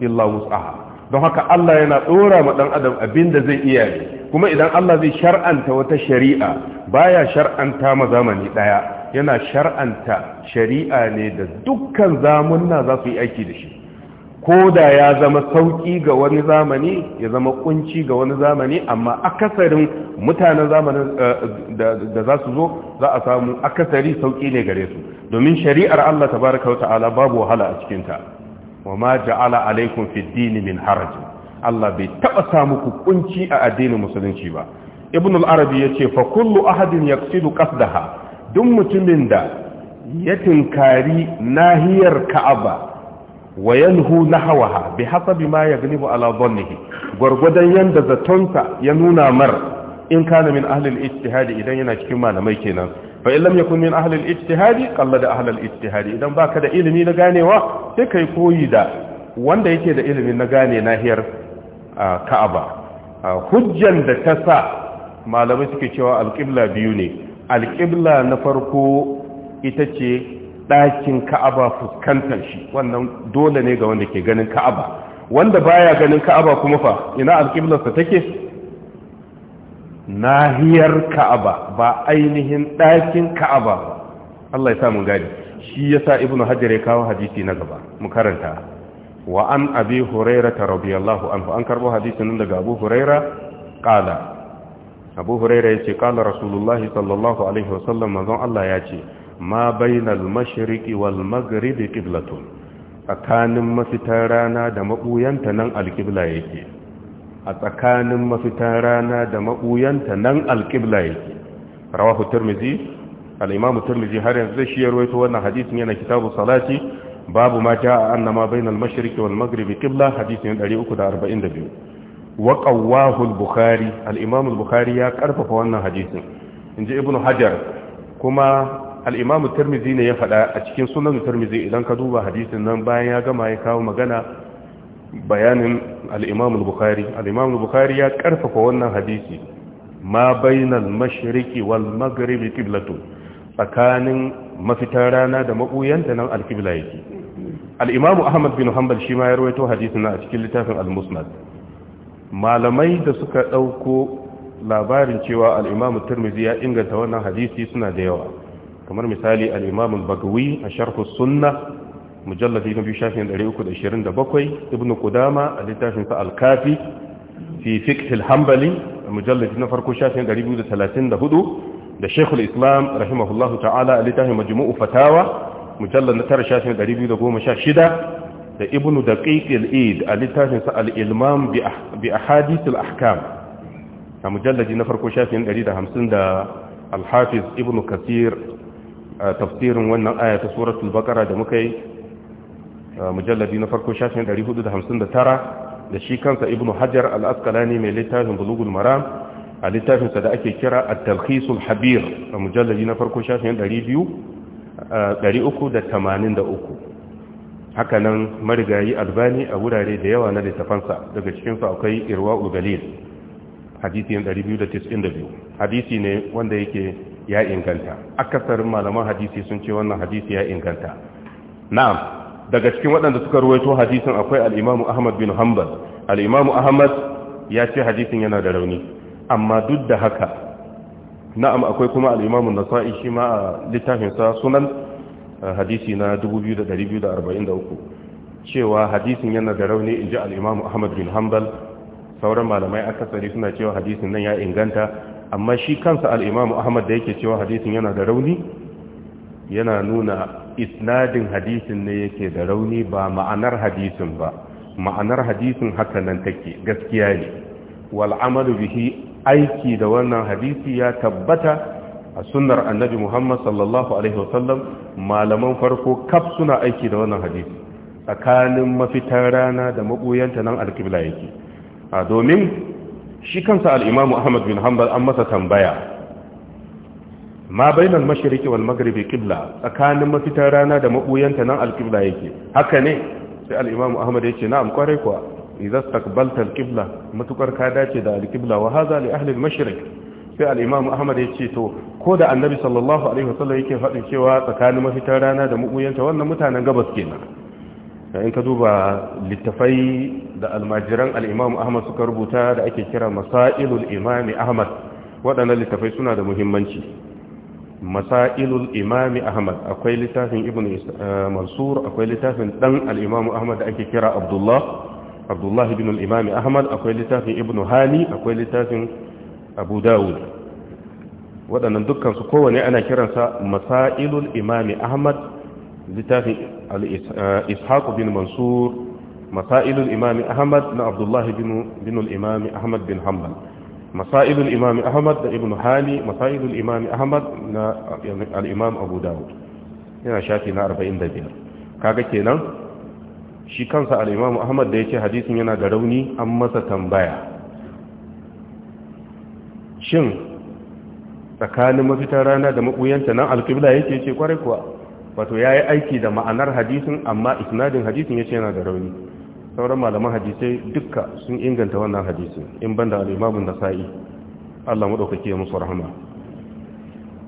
illa wus'aha don haka Allah yana dora ma dan adam abin da zai iya yi kuma idan Allah zai shar'anta wata shari'a baya shar'anta ma zamani daya yana shar'anta shari'a ne da dukkan zamunna za su yi aiki da shi ko da ya zama sauƙi ga wani zamani ya zama kunci ga wani zamani amma akasarin mutanen zamanin eh, da za su zo za a samu akasari sauƙi ne gare su domin shari'ar Allah tabaraka wa ta'ala babu wahala a cikinta wa ma ja'ala alaikum fi dini min haraj Allah bai taɓa sa muku kunci a addinin musulunci ba ibn al-arabi yace fa kullu ahadin yaqsidu qasdaha duk mutumin da ya tinkari nahiyar ka'aba wa yanhu nahawaha bi hasabi ma yaglibu ala dhannihi gurgudan yanda zatonka ya nuna mar in kana min ahli al idan yana cikin malamai kenan fa in lam yakun min ahli al-ijtihad qallada ahli al-ijtihad idan baka da ilimi na ganewa sai kai koyi da wanda yake da ilimi na gane nahiyar Ka'aba hujjan da ta sa malamai suke cewa al-qibla biyu ne al-qibla na farko ita ce ɗakin ka'aba fuskantar shi wannan dole ne ga wanda ke ganin ka'aba wanda baya ganin ka'aba kuma fa ina alƙiblarsa take nahiyar ka'aba ba ainihin ɗakin ka'aba Allah ya samu gadi shi yasa ibnu hajar ya kawo hadisi na gaba mu karanta wa an abi ta rabi anhu an karbo hadisin daga abu huraira kala abu huraira yace kala rasulullahi sallallahu alaihi wasallam manzon Allah ce. ma bainal mashriqi wal maghribi qiblatun tsakanin mafitar da mabuyanta nan alqibla yake a tsakanin mafitar rana da mabuyanta nan alqibla yake rawahu tirmidhi al-imam tirmidhi har yanzu shi ya rawaito wannan hadisin yana kitabu salati babu ma jaa anna ma bainal mashriqi wal maghribi qibla hadisin 342 wa qawwahu al-bukhari al-imam al-bukhari ya karfafa wannan hadisin inji ibnu hajar kuma al'imamu tarmizi ne ya faɗa a cikin sunan tarmizi idan ka duba hadisin nan bayan ya gama ya kawo magana bayanin al'imamu bukari al'imamu bukari ya ƙarfafa wannan hadisi ma bainal mashiriki wal magaribi kiblatu tsakanin mafita rana da maɓuyanta nan alkibla yake al'imamu ahmad bin hanbal shi ma ya rawaito hadisin a cikin littafin al-musnad malamai da suka ɗauko labarin cewa al'imamu turmizi ya inganta wannan hadisi suna da yawa kamar misali al bagawi a sharh sunna mujalladi na biyu shafin 327 ibn a littafin sa fi na farko shafin 234 da islam rahimahullahu ta'ala a littafin fatawa na tara shafin 216 da ibnu daqiq al a littafin sa bi ahadith al-ahkam a na farko shafin 150 da ibnu tafsirin wannan aya ta suratul baqara da muka yi mujalladi na farko shafin 459 da shi kansa ibnu hajar al-asqalani mai littafin bulughul maram a littafin sa da ake kira at-talkhisul habir a mujalladi na farko shafin 200 383 haka nan marigayi albani a wurare da yawa na littafansa daga cikinsu akwai irwa ugalil hadisi 292 hadisi ne wanda yake ya inganta akasarin malaman hadisi sun ce wannan hadisi ya inganta na'am daga cikin waɗanda suka ruwaito hadisin akwai al-Imam Ahmad bin Hanbal al-Imam Ahmad ya ce hadisin yana da rauni amma duk da haka na'am akwai kuma al-Imam nasai shi ma a littafin sa sunan hadisi na 2243 cewa hadisin yana da rauni inji al-Imam Ahmad bin Hanbal sauran malamai akasari suna cewa hadisin nan ya inganta amma shi kansa al'imamu ahmad da yake cewa hadisin yana da rauni yana nuna isnadin hadisin ne yake da rauni ba ma'anar hadisin ba ma'anar hadisin haka nan take gaskiya ne wal'amalu bihi aiki da wannan hadisi ya tabbata a sunnar annabi muhammad sallallahu alaihi wasallam malaman farko kaf suna aiki da wannan hadisi tsakanin mafitar rana da maɓuyanta nan alƙibla yake a domin shi kansa Al'imam ahmad bin hanbal an masa tambaya ma bainan mashiriki wal magribi kibla tsakanin mafitar rana da maɓuyanta nan alkibla yake haka ne sai Al'imam ahmad ya ce na kwarai kuwa idan stakbalta alkibla matukar ka dace da alkibla wa haza li ahlil mashirik sai Al'imam ahmad ya ce to ko da annabi sallallahu alaihi wasallam yake faɗin cewa tsakanin mafitar rana da maɓuyanta wannan mutanen gabas kenan in ka duba littafai da almajiran al'imamu ahmad suka rubuta da ake kira masailul imami ahmad waɗannan littafai suna da muhimmanci masailul imami ahmad akwai littafin ibn eh, mansur akwai littafin ɗan al'imamu ahmad da ake kira abdullah abdullah ibn imami ahmad akwai littafin ibn hani akwai littafin abu dawud waɗannan dukkansu kowane ana kiransa masailul imami ahmad littafin eh, ishaq bin mansur masailul imami ahmad na abdullahi bin imami ahmad bin hanbal masailul imami ahmad da ibn hali masailul imami ahmad na al'imam abu dawud yana shafi na 45 kaga kenan shi kansa al'imam ahmad da ya ce hadisin yana da rauni an masa tambaya shin tsakanin mafitar rana da makuyanta nan alƙibla ya ce kwarai kuwa wato ya yi aiki da ma'anar hadisin amma isnadin hadisin ya ce yana da rauni sauran malaman hadisai dukka sun inganta wannan hadisin, in banda al-imamun sa'i, Allah madaukake ya musu rahama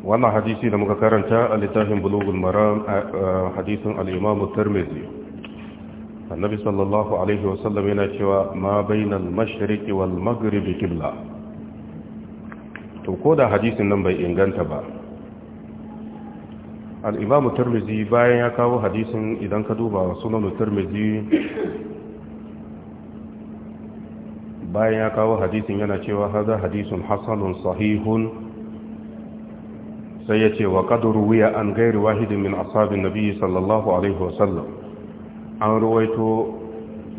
wannan hadisi da muka karanta a littafin bulogun maram hadisin al-imam at annabi sallallahu alaihi wasallam yana cewa ma bainal mashriqi wal maghribi qibla to ko da hadisin nan bai inganta ba al-imam at-tirmidhi bayan ya kawo hadisin idan ka duba sunan at-tirmidhi bayan ya kawo hadisin yana cewa haza hadisun hasanun sahihun sai ya ce wa kaduru wuya an gairi wahidin min asabin nabi sallallahu alaihi wasallam an ruwaito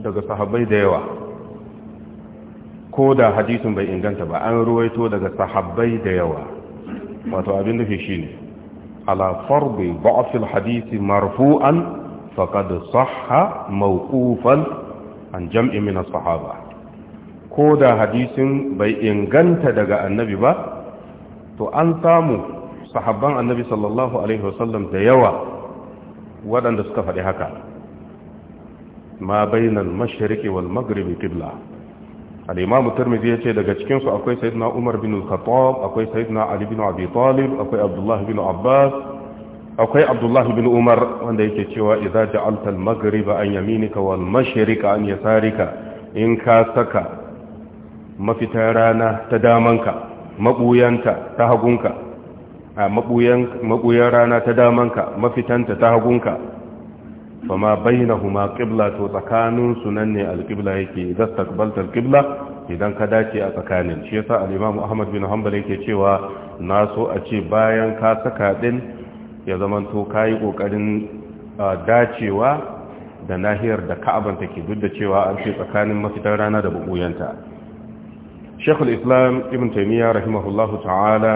daga sahabbai da yawa ko da hadisin bai inganta ba an ruwaito daga sahabbai da yawa wato abin nufi shine ala farbi ba'fil hadisi marfu'an faqad sahha mawqufan an jam'i min as-sahaba ko da hadisin bai inganta daga annabi ba to an samu sahabban annabi sallallahu alaihi wasallam da yawa waɗanda suka faɗi haka ma bainal mashriqi wal maghribi qibla al-imam tirmidhi yace daga cikin su akwai sayyidina umar bin al-khattab akwai sayyidina ali bin abi talib akwai abdullah bin abbas akwai abdullah bin umar wanda yake cewa idza ja'alta al-maghriba an yaminika wal mashriqa an yasarika in ka saka mafitan rana ta damanka maɓuyanta ta hagunka a maɓuyan rana ta damanka mafitanta ta hagunka bayyana huma ƙibla to tsakaninsu nan ne alƙibla yake idan takbaltar ƙibla idan ka dace a tsakanin shi yasa alimamu Ahmad bin Hanbal yake cewa na so a ce bayan ka saka ɗin ya zama to yi ƙoƙarin dacewa da nahiyar da Ka'aban take duk da cewa an ce tsakanin mafitar rana da buɓuyanta shekul islam ibn taimiyya rahimahullahu ta'ala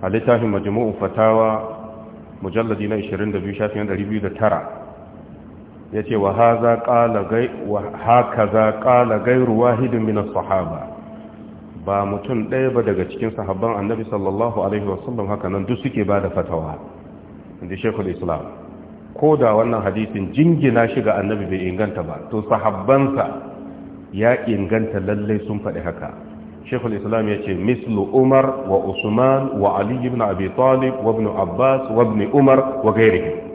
a littafin majmu'un fatawa mujalladi na 22 shafin 209 ya ce haka za ƙala gairu wahidin minas sahaba ba mutum ɗaya ba daga cikin sahabban annabi sallallahu alaihi wasallam nan duk suke bada fatawa inda shekul islam ko da wannan hadisin jingina shi ga annabi bai inganta ba to sahabansa ya inganta lallai sun faɗi haka shekul islam ya ce mislu umar wa usman wa ali ibn abi talib abbas wa umar wa gairihi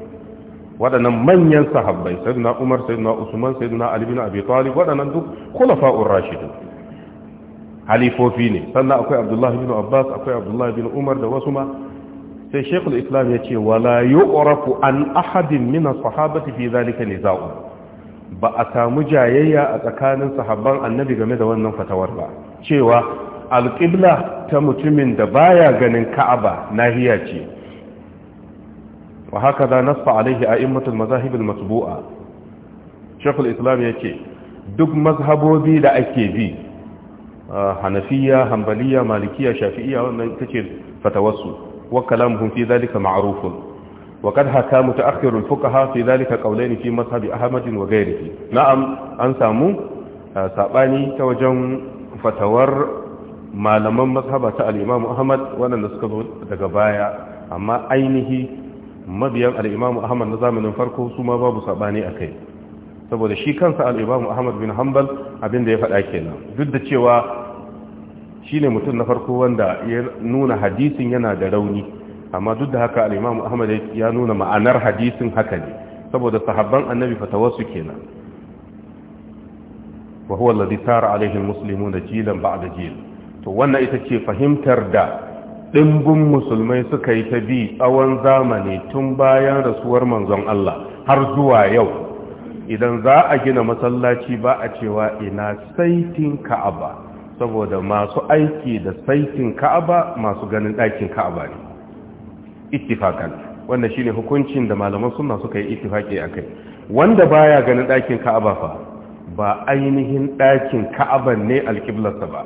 waɗannan manyan sahabbai sayyidina umar sayyidina usman sayyidina ali ibn abi waɗannan duk khulafa'ur rashidun halifofi ne sannan akwai abdullahi ibn abbas akwai abdullahi ibn umar da wasu ma sai shekul ya ce wala an ahadin fi ba a samu jayayya a tsakanin sahabban annabi game da wannan fatawar ba cewa alƙibla ta mutumin da baya ganin ka'aba nahiya ce wa haka za nasfa alaihi a immatul mazahibin matbu'a shekul islam ya ce duk mazhabobi da ake bi hanafiya hambaliya malikiya shafi'iya wannan ita ce fatawarsu wa kalamuhum fi zalika ma'rufun وقد حكى متأخر الفقهاء في ذلك قولين في مذهب أحمد وغيره نعم أنسامو ساباني توجن fatawar malaman mazhaba ta al'imamu ahmad waɗanda suka zo daga baya amma ainihi mabiyan al'imamu ahmad na zamanin farko su ma babu saɓani a kai saboda shi kansa al'imamu ahmad bin hanbal abinda ya faɗa kenan duk da cewa shi ne mutum na farko wanda ya nuna hadisin yana da rauni amma duk da haka al'imamu ahmad ya nuna ma'anar hadisin haka ne saboda sahabban annabi fatawarsu kenan wa huwa alladhi tara alayhi almuslimuna jilan ba'da jil to wannan ita ce fahimtar da dimbin musulmai suka yi ta bi tsawon zamani tun bayan rasuwar manzon Allah har zuwa yau idan za a gina masallaci ba a cewa ina saitin Ka'aba saboda masu aiki da saitin Ka'aba masu ganin ɗakin Ka'aba ne ittifakan wannan shine hukuncin da malaman sunna suka yi ittifaki akai wanda baya ganin ɗakin Ka'aba fa ba ainihin ɗakin ka'aban ne alƙiblarsa ba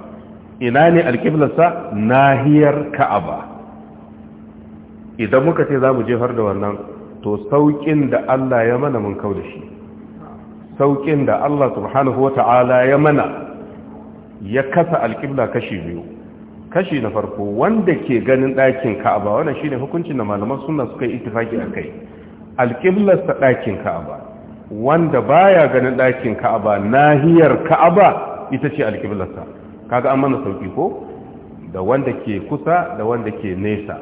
ina ne alƙiblarsa nahiyar ka'aba idan muka ce za mu jefar da wannan to sauƙin da Allah ya mana mun kau da shi sauƙin da Allah subhanahu wa ta'ala ya mana ya kasa alƙibla kashi biyu kashi na farko wanda ke ganin ɗakin ka'aba wannan ne hukuncin da malaman sunna suka yi itifaki a kai alƙiblarsa ɗakin ka'aba wanda baya ganin ɗakin ka'aba nahiyar ka'aba ita ce alƙiblarsa kaga an mana sauki ko da wanda ke kusa da wanda ke nesa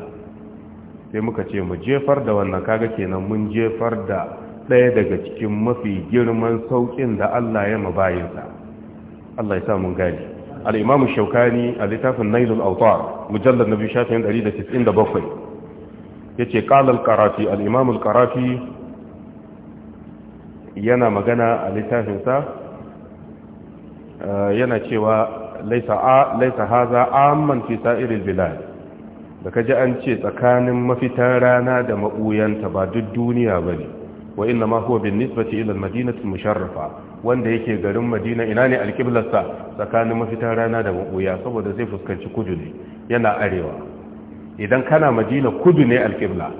sai muka ce mu jefar da wannan kaga kenan mun jefar da ɗaya daga cikin mafi girman saukin da Allah ya mabayinsa Allah ya sa mun gani al-Imam Shawkani a littafin Nailul Awtar mujallad Nabi Shafin 197 yace qala al-Qarafi al-Imam al-Qarafi yana magana a littafinsa eh, yana cewa laisa haza amman fi sa'irin bilal da kaji an ce tsakanin mafitan rana da ma'uyanta ba duk duniya ba ne wa ina ma huwa bin nisbati ila madinatul musharrafa wanda yake garin madina ina ne alkiblarsa tsakanin mafitan rana da ma'uya saboda zai fuskanci kudu ne yana arewa idan kana madina kudu ne alkibla.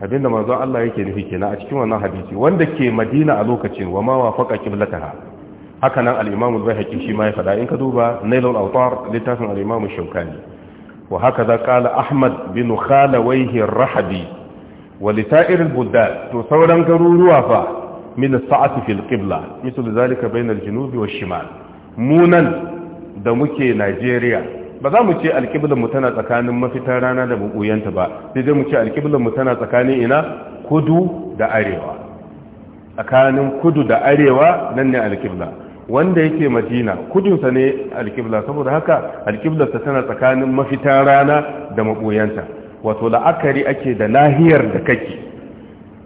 abinda manzon Allah yake nufi kenan a cikin wannan hadisi wanda ke Madina a lokacin wa ma wafaqa qiblataha haka nan al-Imam al-Baihaqi shi ma ya faɗa in ka duba Nailul Awtar littafin al-Imam al-Shawkani wa za qala Ahmad bin Khalawayhi ar-Rahbi wa li al-buddat to sauran garuruwa fa min as-sa'ati fil qibla misal zalika bayna al-junub wa shimal munan da muke Najeriya ba za mu ce alƙiblar mu tana tsakanin mafitar rana da buɓuyanta ba sai dai mu ce alƙiblar tana tsakanin ina kudu da arewa tsakanin kudu da arewa nan ne alƙibla wanda yake madina kudunsa ne alƙibla saboda haka alƙiblarsa tana tsakanin mafitar rana da mabuyanta wato la'akari ake da nahiyar da kake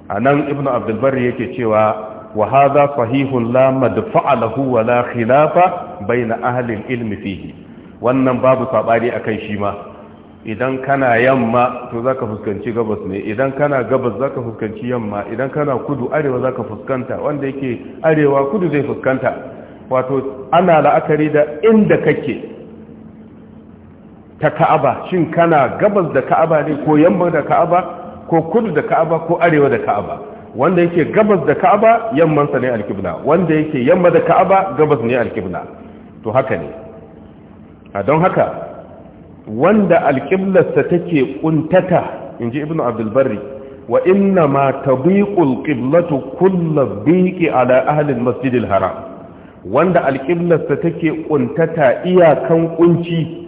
a nan ibn abdulbar yake cewa wa hadha sahihun la madfa'a wa la khilafa bayna ahli ilmi fihi wannan babu a akan shi ma idan kana yamma to za ka fuskanci gabas ne idan kana gabas za ka fuskanci yamma idan kana kudu arewa za ka fuskanta wanda yake arewa kudu zai fuskanta wato ana la'akari da inda kake ta ka'aba shin kana gabas da ka'aba ne ko yamma da ka'aba ko kudu da ka'aba ko arewa da ka'aba wanda yake gabas da ka'aba sa ne alkibla wanda yake yamma da ka'aba gabas ne alkibla to haka ne a don haka wanda alƙiblarsa take ƙuntata in ji ibn abdulbari wa inna ma tabiqul qiblatu kullu biqi ala ahli almasjid haram wanda alƙiblarsa take ƙuntata iyakan ƙunci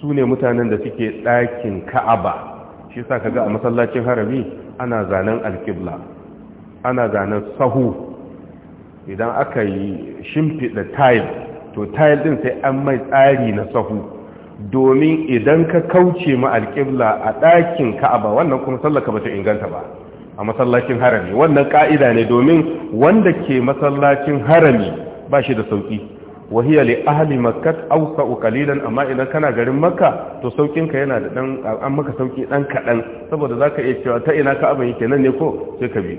su ne mutanen da suke ɗakin ka'aba shi sa ga a masallacin harami ana zanen alƙibla ana zanen sahu idan aka yi shimfiɗa tile to tayil din sai an mai tsari na sahu domin idan ka kauce ma alƙibla a ɗakin ka'aba wannan kuma sallaka ba inganta ba a masallacin harami wannan ka'ida ne domin wanda ke masallacin harami ba shi da sauƙi wahiya li ahli makkah aw qalilan amma idan kana garin makka to saukin ka yana da dan an maka sauki dan kadan saboda zaka iya cewa ta ina ka abin yake nan ne ko sai ka bi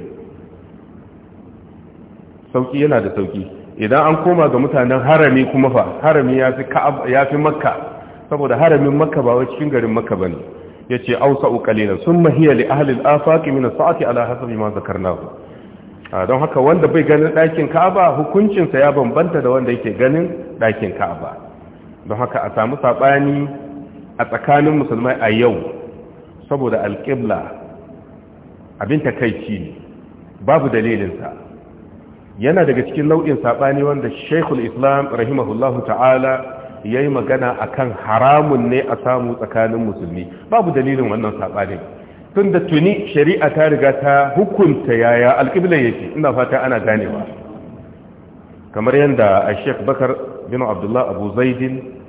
sauki yana da sauki idan an koma ga mutanen harami kuma fa harami ya fi makka saboda haramin makka ba wai cikin garin makka bane yace ya ce ausa ukalilan sun mahiya li al-afaq min sa'ati ala hasabi ma zakarnahu don haka wanda bai ganin dakin ka'aba hukuncin sa ya bambanta da wanda yake ganin dakin ka'aba don haka a samu saɓani a tsakanin musulmai a yau saboda alƙibla abin takaici babu babu dalilinsa yana daga cikin nau'in saɓani wanda shaikhul islam rahimahullahu ta'ala ya yi magana a kan haramun ne a samu tsakanin musulmi babu dalilin wannan saɓani tun da tuni shari'a ta riga ta hukunta yaya alƙibla yake ina fata ana ganewa kamar yadda a sheikh bakar bin abdullahi abu zaidin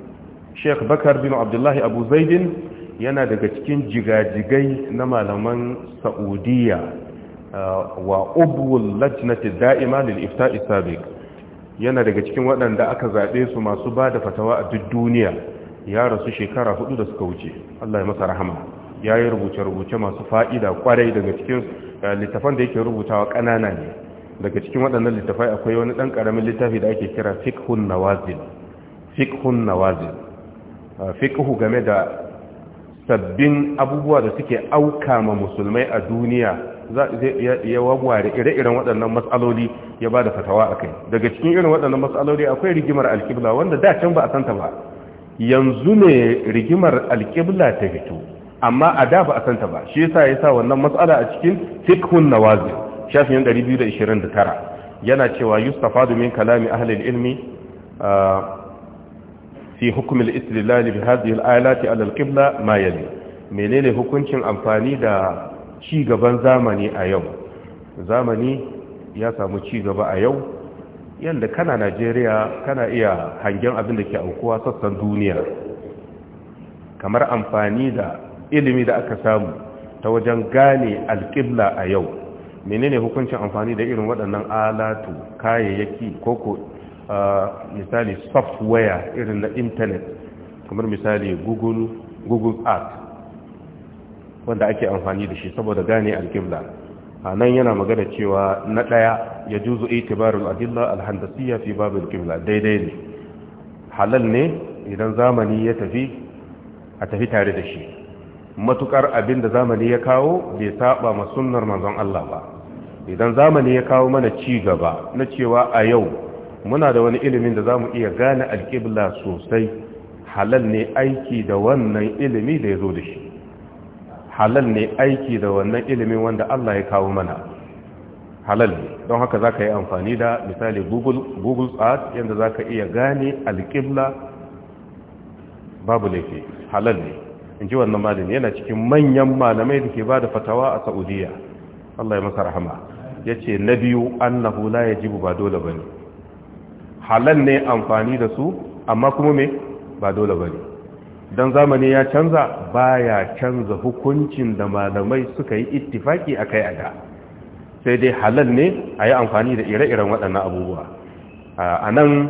sheikh bakar bin abdullahi abu zaidin yana daga cikin jigajigai na malaman sa'udiyya wa ubwul lajnati da'ima lil ifta'i sabiq yana daga cikin waɗanda aka zaɓe su masu ba da fatawa a duk duniya ya rasu shekara hudu da suka wuce Allah ya masa rahama ya yi rubuce-rubuce masu fa'ida kwarai daga cikin eh, littafan da yake rubutawa ƙanana ne daga cikin waɗannan littafai akwai wani ɗan ƙaramin littafi da ake kira fikhun Nawazin, fikhun nawazil fikhu eh, game da sabbin abubuwa da suke auka ma musulmai a duniya ya wagware ire-iren waɗannan matsaloli ya ba da fatawa a kai daga cikin irin waɗannan matsaloli akwai rigimar alƙibla wanda da ba a santa ba yanzu ne rigimar alkibla ta fito amma a da ba a santa ba shi yasa ya sa wannan matsala a cikin fikhun nawazi shafin 229 yana cewa yustafadu min kalami ahli ilmi ah, fi hukm al-istidlal bi hadhihi al ayat ala al-qibla ma yali menene hukuncin amfani da ci gaban zamani a yau zamani ya samu ci gaba a yau yadda kana najeriya kana iya hangen abin da ke aukuwa sassan duniya kamar amfani da ilimi da aka samu ta wajen gane alƙibla a yau menene hukuncin amfani da irin waɗannan alatu kayayyaki ko koko misali software irin na intanet kamar misali google google art wanda ake amfani da shi saboda gane alƙibla a nan yana magana cewa na ɗaya ya juzu itibarul adilla alhandasiyya fi babu alƙibla, daidai ne halal ne idan zamani ya tafi a tafi tare da shi matukar abin da zamani ya kawo bai saba ma sunnar manzon Allah ba idan zamani ya kawo mana ci gaba na cewa a yau muna da wani ilimin da zamu iya gane alƙibla sosai halal ne aiki da wannan ilimi da ya zo da shi halal ne aiki da wannan ilimin wanda Allah ya kawo mana halal ne don haka za ka yi amfani da misali google art yadda za ka iya gane alƙibla babu laifi halal ne in ji wannan malin yana cikin manyan malamai da ke ba da fatawa a sa'udiyya Allah ya masa rahama ya ce na biyu annahu la ya jibu ba dole ba ne halal ne amfani da su amma kuma me ba dole ba ne don zamani ya canza ba ya canza hukuncin da malamai suka yi ittifaki a kai a da sai dai halal ne a yi amfani da ire-iren waɗannan abubuwa a nan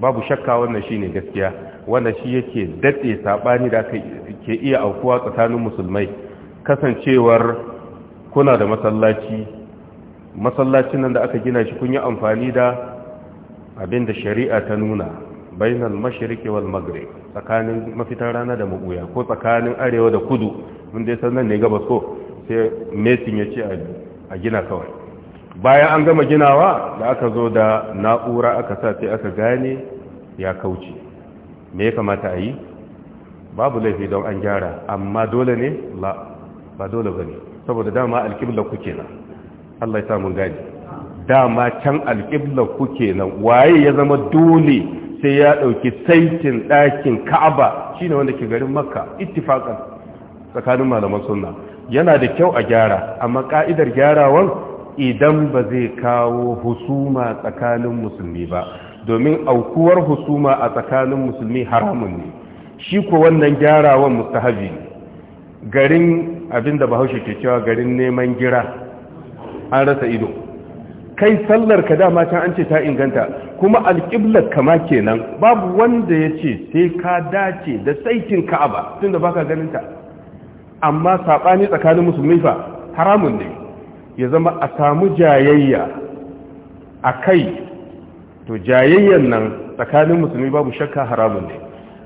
babu shakka wannan shi ne gaskiya wanda shi yake daɗe saɓani da ke iya aukuwa tsakanin musulmai kasancewar kuna da masallaci masallacin nan da aka gina shi kun yi amfani da abin da shari'a ta nuna bainal mashirki wal magrib tsakanin mafitar rana da mabuya ko tsakanin arewa da kudu mun dai san nan ne gabas ko sai mesin ya ce a gina kawai bayan an gama ginawa da aka zo da na'ura aka sa sai aka gane ya kauce me ya kamata a yi babu laifi don an gyara amma dole ne la ba dole ba ne saboda dama alƙibla ku kenan Allah ya samu gani dama can alƙibla ku kenan waye ya zama dole sai ya ɗauki saitin ɗakin ka'aba shi ne wanda ke garin makka ittifakan tsakanin malaman suna yana da kyau a gyara amma ka'idar gyarawan idan ba zai kawo husuma tsakanin musulmi ba domin aukuwar husuma a tsakanin musulmi haramun ne shi ko wannan gyarawan mustahabi garin abinda bahaushe ke cewa garin neman gira an rasa ido kai sallar ka dama can an ce ta inganta kuma alƙiblar kama kenan babu wanda ya ce sai ka dace da tsaikin ka'aba tun da baka ganin ta amma saɓani tsakanin musulmi fa haramun ne ya zama a samu jayayya a kai to jayayyan nan tsakanin musulmi babu shakka haramun ne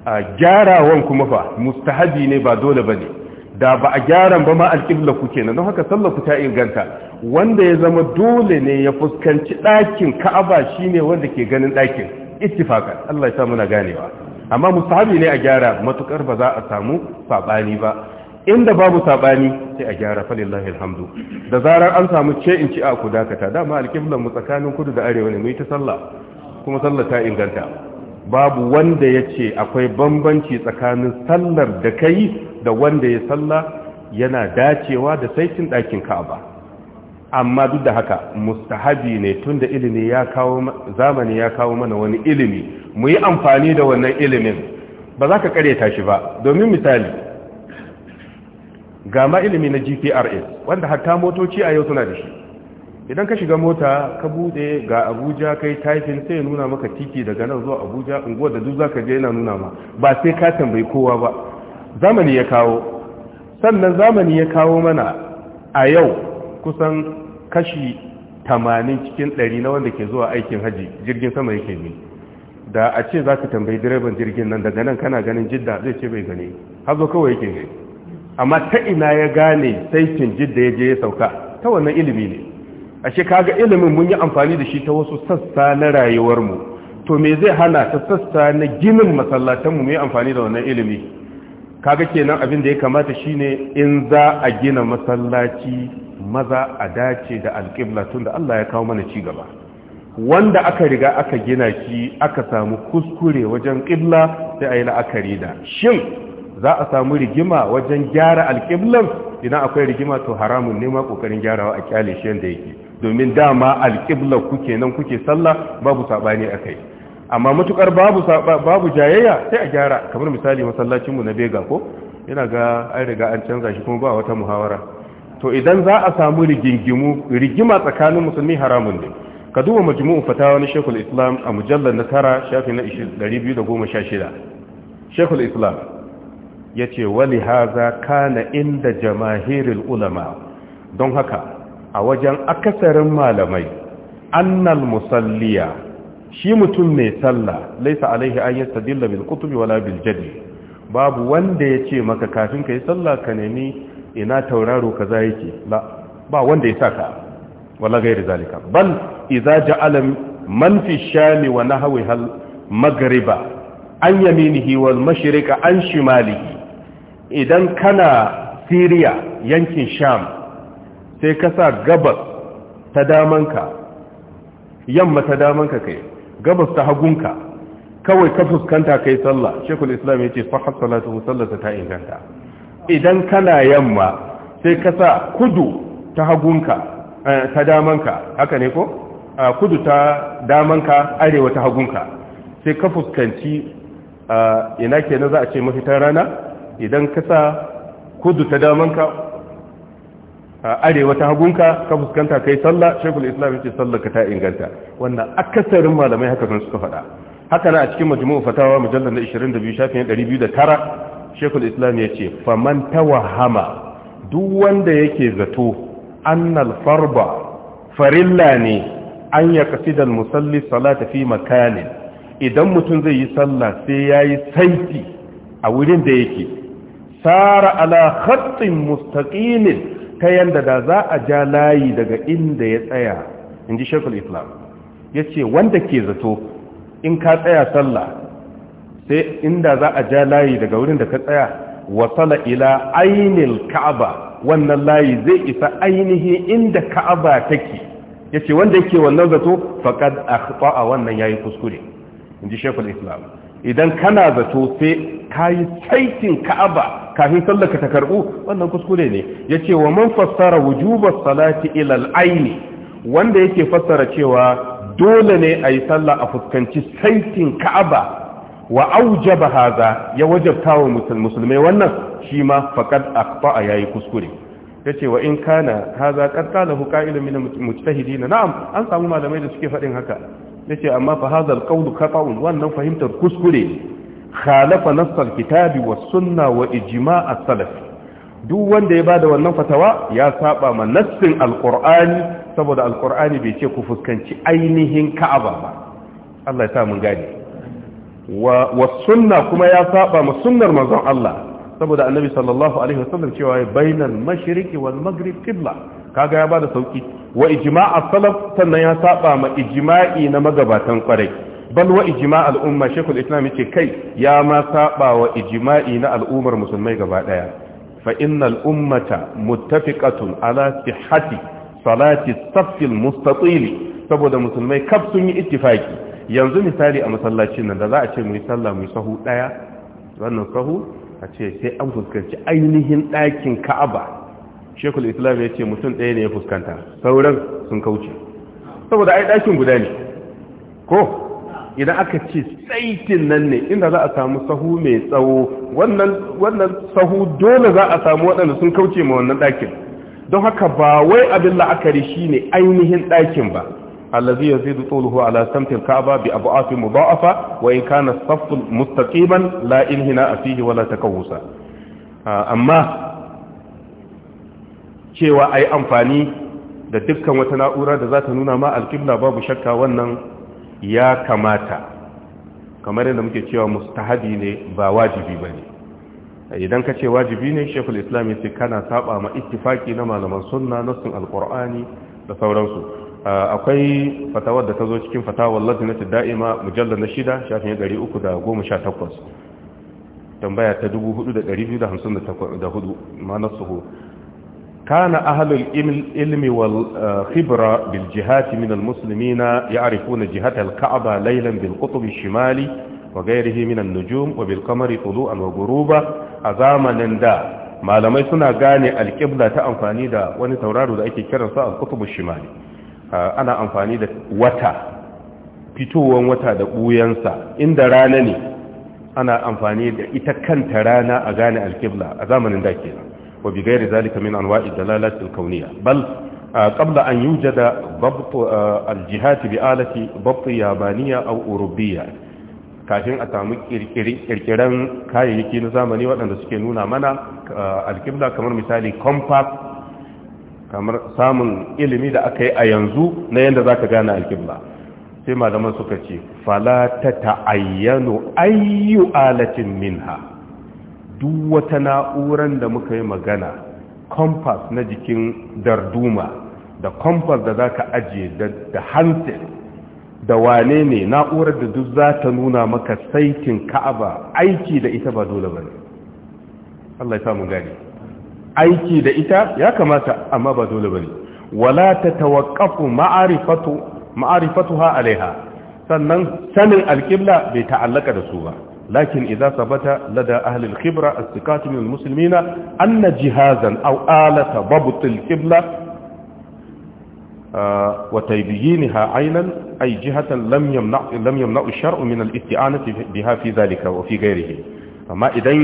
a gyarawan kuma fa mustahabi ne ba dole ba ne da ba a gyaran ba ma alƙibla ku kenan don haka sallar ku ta inganta wanda ya zama dole ne ya fuskanci ɗakin ka'aba shine wanda ke ganin ɗakin ittifaka Allah ya sa muna ganewa amma musabi ne a gyara matukar ba za a samu sabani ba inda babu sabani sai a gyara falillahi alhamdu da zarar an samu ce in ci a ku dakata dama alƙiblan mu tsakanin kudu da arewa ne mu yi ta sallah kuma sallar ta inganta babu wanda ya ce akwai bambanci tsakanin sallar da kai da wanda ya salla yana dacewa da saitin ɗakin ka'aba amma duk da haka mustahabi ne tunda ilimi ya kawo zamani ya kawo mana wani ilimi mu yi amfani da wannan ilimin ba za ka kareta shi ba domin misali ga ilimi na GPRS wanda hatta motoci a yau suna da shi idan ka shiga mota ka bude ga abuja kai taifin sai nuna maka titi daga nan zuwa abuja unguwar da duk za ka je yana nuna ma ba sai ka tambayi kowa ba zamani ya kawo sannan zamani ya kawo mana a yau kusan kashi tamanin cikin ɗari na wanda ke zuwa aikin haji jirgin sama yake ne da a ce za ka tambayi direban jirgin nan daga nan kana ganin jidda zai ce bai gane hazo kawai yake ne amma ta ina ya gane saikin jidda ya je ya sauka ta wannan ilimi ne a ce kaga ilimin mun yi amfani da shi ta wasu sassa na rayuwarmu to me zai hana ta sassa na ginin masallatanmu mu yi amfani da wannan ilimi kaga kenan abin da ya kamata shine in za a gina masallaci maza a dace da alƙibla tun da Allah ya kawo mana ci gaba wanda aka riga aka gina shi aka samu kuskure wajen ƙibla sai a yi la'akari da shin za a samu rigima wajen gyara alƙiblan idan akwai rigima to haramun nema ƙoƙarin gyarawa a kyale shi yadda yake domin dama alƙibla kuke nan kuke sallah babu saɓani a kai amma matukar babu babu jayayya sai a gyara kamar misali masallacin mu na bega ko yana ga an riga an canza shi kuma ba wata muhawara to idan za a samu rigingimu rigima tsakanin musulmi haramun ne ka duba majmu'u fatawa na Sheikhul Islam a mujallar na tara shafi na 216 Sheikhul Islam yace wali haza kana inda jamaahirul ulama don haka a wajen akasarin malamai annal musalliya shi mutum mai sallah laisa alaihi an yastadilla bil kutubi wala bil jadi babu wanda ya ce maka kafin ka yi sallah ka nemi ina tauraro kaza yake la ba wanda ya saka wala gairi zalika bal idza ja'ala man fi shami wa nahwi hal magriba an yaminihi wal mashriqa an shimalihi idan kana siriya yankin Sham sai ka sa gabas ta damanka yamma ta damanka kai gabas ta hagunka kawai ka fuskanta kai sallah shekul islam ya ce sahas salatu sallata ta inganta idan kana yamma sai ka sa kudu ta hagunka eh, ta damanka haka ne ko kudu ta damanka arewa ta hagunka sai ka fuskanci ina kenan za a ce mafitan rana idan ka sa kudu ta damanka A arewa ta hagunka ka fuskanta kai sallah shekul islam yace sallar ka ta inganta wannan akasarin malamai haka kan suka faɗa haka na a cikin majmu'u fatawa mujallal na 22 shafin 209 shekul islam yace faman tawahama duk wanda yake zato annal farba farilla ne an ya kasida musalli salata fi makanin idan mutum zai yi sallah sai yayi saiti a wurin da yake sara ala khattin mustaqimin ta yanda da za a ja layi daga inda ya tsaya in ji shekul islam ya ce wanda ke zato in ka tsaya sallah sai inda za a ja layi daga wurin da ka tsaya wasala ila ainihin ka'aba wannan layi zai isa ainihi inda ka'aba take ya ce wanda yake wannan zato faƙad a wannan ya yi kuskure in ji shekul islam idan kana zato sai ka yi saitin ka'aba kafin sallaka ta karbu wannan kuskure ne ya ce wa man fassara wujubar salati ilal aini wanda yake fassara cewa dole ne a yi sallah a fuskanci saitin ka'aba wa aujaba haza ya wajabta wa musulmai wannan shi ma faƙad akfa'a ya yi kuskure ya ce wa in kana haza ƙarƙa da hukailu min na'am an samu malamai da suke faɗin haka ce amma fa hadhal qawlu wannan fahimtar kuskure khalafa nasar kitabi wa sunna wa ijima a salafi duk wanda ya bada wannan fatawa ya saba ma nassin alkur'ani saboda alkur'ani bai ce ku fuskanci ainihin ka'aba ba Allah ya sa mun gane wa sunna kuma ya saba ma sunnar manzon Allah saboda annabi sallallahu alaihi wasallam cewa bainal mashriqi wal maghrib qibla kaga ya bada sauki wa ijma'a salaf sannan ya saba ma ijma'i na magabatan kwarai bal wa ijma' al'umma shekul islam yace kai ya ma saba wa ijma'i na al'ummar musulmai gaba daya fa innal ummata muttafiqatun ala sihhati salati as-saff al-mustatil saboda musulmai kaf sun yi ittifaki yanzu misali a masallacin nan da za a ce mu yi sallah mu sahu daya wannan sahu a ce sai an fuskanci ainihin ɗakin ka'aba shekul islam ya ce mutum ɗaya ne ya fuskanta sauran sun kauce saboda ai ɗakin guda ne ko idan aka ce saitin nan ne inda za a samu sahu mai tsawo wannan sahu dole za a samu waɗanda sun kauce ma wannan ɗakin don haka ba wai abin la'akari shi ne ainihin ɗakin ba allazi yazidu tsoluhu ala samtil ka'aba bi abu'afi mudha'afa wa in kana saffun mustaqiman la a fihi wala takawusa ah, amma cewa a amfani da dukkan wata na'ura da za ta nuna ma alƙibla babu shakka wannan ya kamata kamar yadda muke cewa mustahabi ne ba wajibi ba ne idan ka ce wajibi ne shekul islam yace kana saba ma ittifaki na malaman sunna nassun alqur'ani da sauransu akwai fatawar da ta zo cikin fatawar lazinati da'ima mujallar na shida shafin da goma sha takwas tambaya ta dubu da da da biyu hamsin hudu ma nassuhu kana ahlul ilmi wal khibra bil jihati min al muslimina ya'rifuna jihata al ka'aba laylan bil qutb shimali wa ghayrihi min wa bil qamari tulu'an wa a zamanin da malamai suna gane alƙibla ta amfani da wani tauraro da ake kiransa a kutubun shimali ana amfani da wata fitowar wata da buyansa. inda rana ne ana amfani da ita kanta rana a gane alƙibla a zamanin da ke wa bi gairi zalika min anwa'i dalalati al-kauniyya bal qabla an yujada da al-jihati bi alati kafin a samu kirkiran kayayyaki na zamani waɗanda suke nuna mana alkibla kamar misali compact kamar samun ilimi da aka yi a yanzu na yadda za ka gane alkibla sai malaman suka ce fala ta ta'ayyano ayyu alatin minha duk wata na'uran da muka yi magana compass na jikin darduma da compass da za ka ajiye da hansel da wane ne na'urar da duk za ta nuna maka saitin ka'aba aiki da ita ba dole ba ne Allah ya samu gani aiki da ita ya kamata amma ba dole ba ne wala ta tawakafu ma'arifatu ma'arifatuha alaiha sannan sanin alƙibla bai ta'allaka da su ba lakin idza sabata lada ahlin kibra khibra istiqatu min al-muslimina anna jihazan aw alata babt al-qibla uh, wa taybiyinha aynan ay jihatan lam yamna lam yamna ash-shar'u min al-isti'anati biha fi dhalika wa amma idan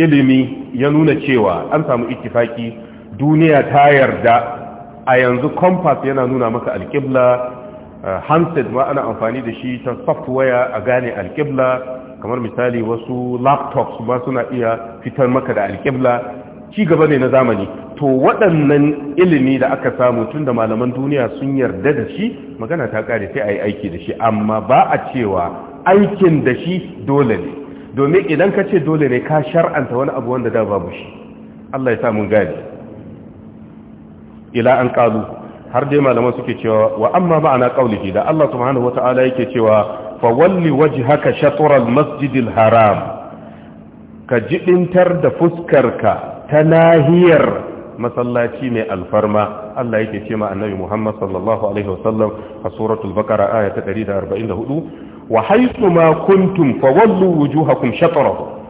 ilimi ya nuna cewa an samu ittifaki duniya ta yarda a yanzu compass yana nuna maka alkibla uh, hanset ma ana amfani da shi ta waya a gane alkibla. kamar misali wasu laptops ma suna iya fitar maka da alƙibla ci gaba ne na zamani to waɗannan ilimi da aka samu tun da malaman duniya sun yarda da shi magana ta ƙare sai a yi aiki da shi amma ba a cewa aikin da shi dole ne domin idan ka ce dole ne ka shar'anta wani abu wanda da babu shi Allah ya sa mun gane ila an ƙalu har dai malaman suke cewa wa amma ma'ana ƙaulihi da Allah subhanahu wata'ala yake cewa fawalli waje haka shatural masjidil haram ka jibintar da fuskarka ta nahiyar masallaci mai alfarma Allah yake ce ma annabi Muhammad sallallahu alaihi wasallam a suratul baqara aya ta 144 wa haythu ma kuntum fawallu wujuhakum shatrahu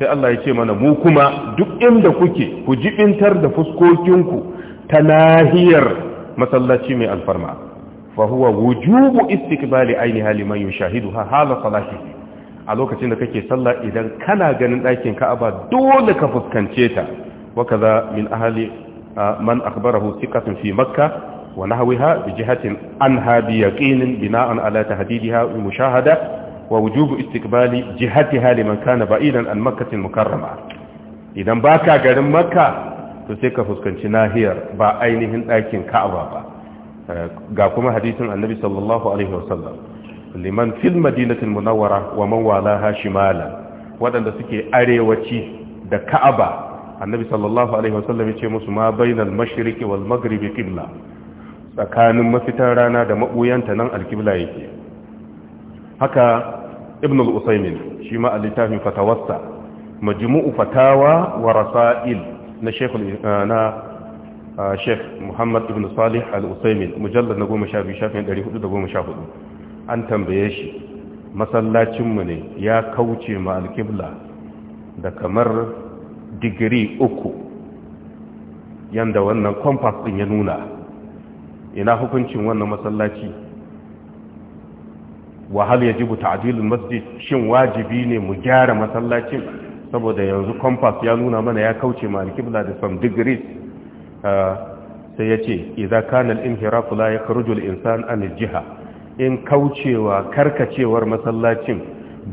sai Allah ya ce mana mu kuma duk inda kuke ku jibintar da fuskokinku ta nahiyar masallaci mai alfarma fa huwa wujubu istiqbali ainiha liman yushahiduha hala a lokacin da kake sallah idan kana ganin ɗakin Ka'aba dole ka fuskance ta wakaza min ahli man akhbarahu thiqatan fi makkah wa nahwaha bi jihatin anha bi yaqinin bina'an ala tahdidiha wa mushahada wa wujubu istiqbali jihatiha liman kana ba'idan an makkah al-mukarrama idan baka garin makka to sai ka fuskanci nahiyar ba ainihin ɗakin Ka'aba ba ga kuma hadisin annabi sallallahu alaihi wasallam liman fil madinatul munawwara wa man walaha shimala wadanda suke arewaci da ka'aba annabi sallallahu alaihi wasallam yace musu ma bainal mashriqi wal maghribi qibla tsakanin mafitan rana da mabuyanta nan alqibla yake haka ibn al-usaymin shi ma a littafin fatawassa majmu'u fatawa wa rasail na shaykhul eh, Sheikh Muhammad ibn Salih al-Usaimin mujallad na 12 shafin 414 an tambaye shi masallacinmu ne ya kauce ma da kamar digiri uku yanda wannan compass din ya nuna ina hukuncin wannan masallaci wahal yajibu ta'dilul masjid shin wajibi ne mu gyara masallacin saboda yanzu compass ya nuna mana ya kauce ma alkibla da some degrees sai ya ce idan kanal inhirafu la ya karujul insan anil jiha in kaucewa karkacewar masallacin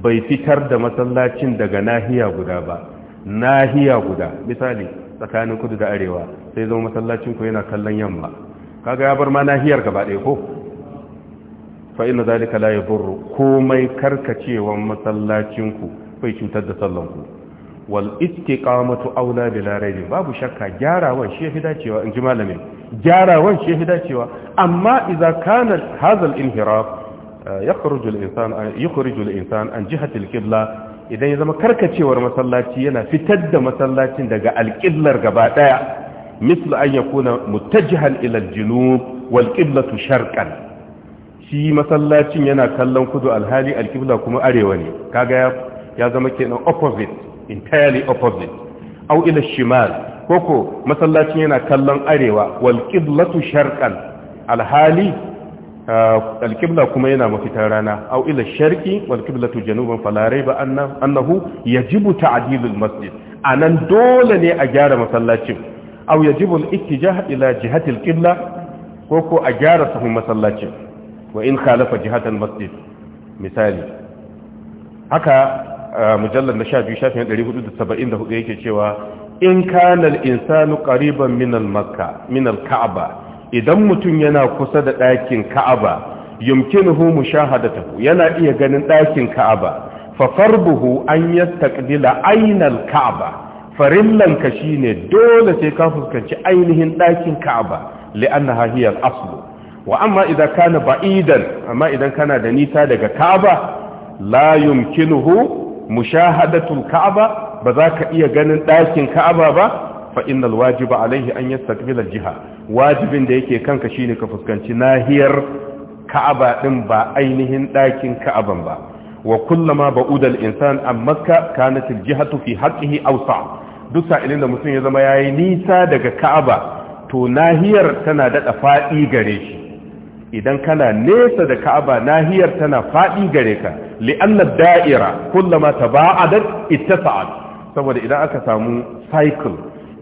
bai fitar da masallacin daga nahiya guda ba nahiya guda misali tsakanin kudu da arewa sai zama masallacin ku yana kallon yamma kaga ya bar ma nahiyar gaba ɗaya ko fa inna zalika la buru komai karkacewar masallacin ku bai cutar da sallan ku wal istiqamatu aula bila raib babu shakka gyarawan shi fi dacewa in ji malamin gyarawan shi fi dacewa amma idza kana hadha al inhiraf eh, yakhruju eh, al insan an jihati al qibla idan ya zama karkacewar masallaci yana fitar da masallacin daga alƙillar gaba ɗaya mislu an yakuna mutajihan ila aljunub wal qiblatu sharqan shi masallacin yana kallon kudu alhali alƙibla kuma arewa ne kaga ya zama kenan opposite entirely opposite au ila shimal koko masallacin yana kallon arewa wal qiblatu sharqan alhali uh, alqibla kuma yana mafitar rana au ila sharqi wal qiblatu januban fala raiba annahu yajibu ta'dil al masjid anan dole ne a gyara masallacin au yajibu al ittijah ila jihati al qibla koko a gyara sahun masallacin wa in khalafa jihatan masjid misali haka mujallar na 12 shafin 474 yake cewa in kanal insanu qariban minal makka minal kaaba idan mutum yana kusa da ɗakin ka'aba yumkinuhu mushahadatuhu yana iya ganin ɗakin ka'aba fa farbuhu an yastaqbila aynal ka'aba farillan ka ne dole sai ka fuskanci ainihin ɗakin ka'aba li'annaha hiya al wa amma idan kana ba'idan amma idan kana da nisa daga ka'aba la yumkinuhu mushahadatul ka'aba ba za ka iya ganin ɗakin ka'aba ba fa innal wajiba alaihi an yastaqbil al-jiha wajibin da yake kanka shine ka fuskanci nahiyar ka'aba din ba ainihin ɗakin ka'aban ba wa kullama ba'ud al-insan an makka kanat al-jihatu fi haqqihi awsa duk sa'ilin da mutum ya zama yayi nisa daga ka'aba to nahiyar tana daɗa faɗi gare shi idan kana nesa da ka'aba nahiyar tana faɗi gare ka li'annar da'ira kullama ta ba'adar ita sa'ad saboda idan aka samu cycle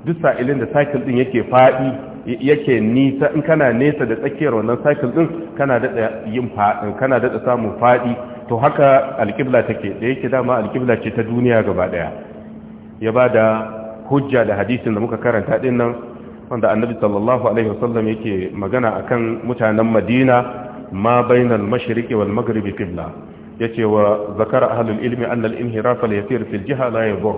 duk sa'ilin da cycle din yake faɗi yake nisa in kana nesa da tsakiyar wannan cycle din kana daɗa yin faɗi kana daɗa samun faɗi to haka alƙibla take da yake dama alƙibla ce ta duniya gaba ɗaya ya ba da hujja da hadisin da muka karanta ɗin nan wanda annabi sallallahu alaihi wasallam yake magana akan mutanen madina ma bainal mashriqi wal maghribi qibla yace wa zakara ahlul ilmi anna al inhiraf al yasir fil jiha la yadur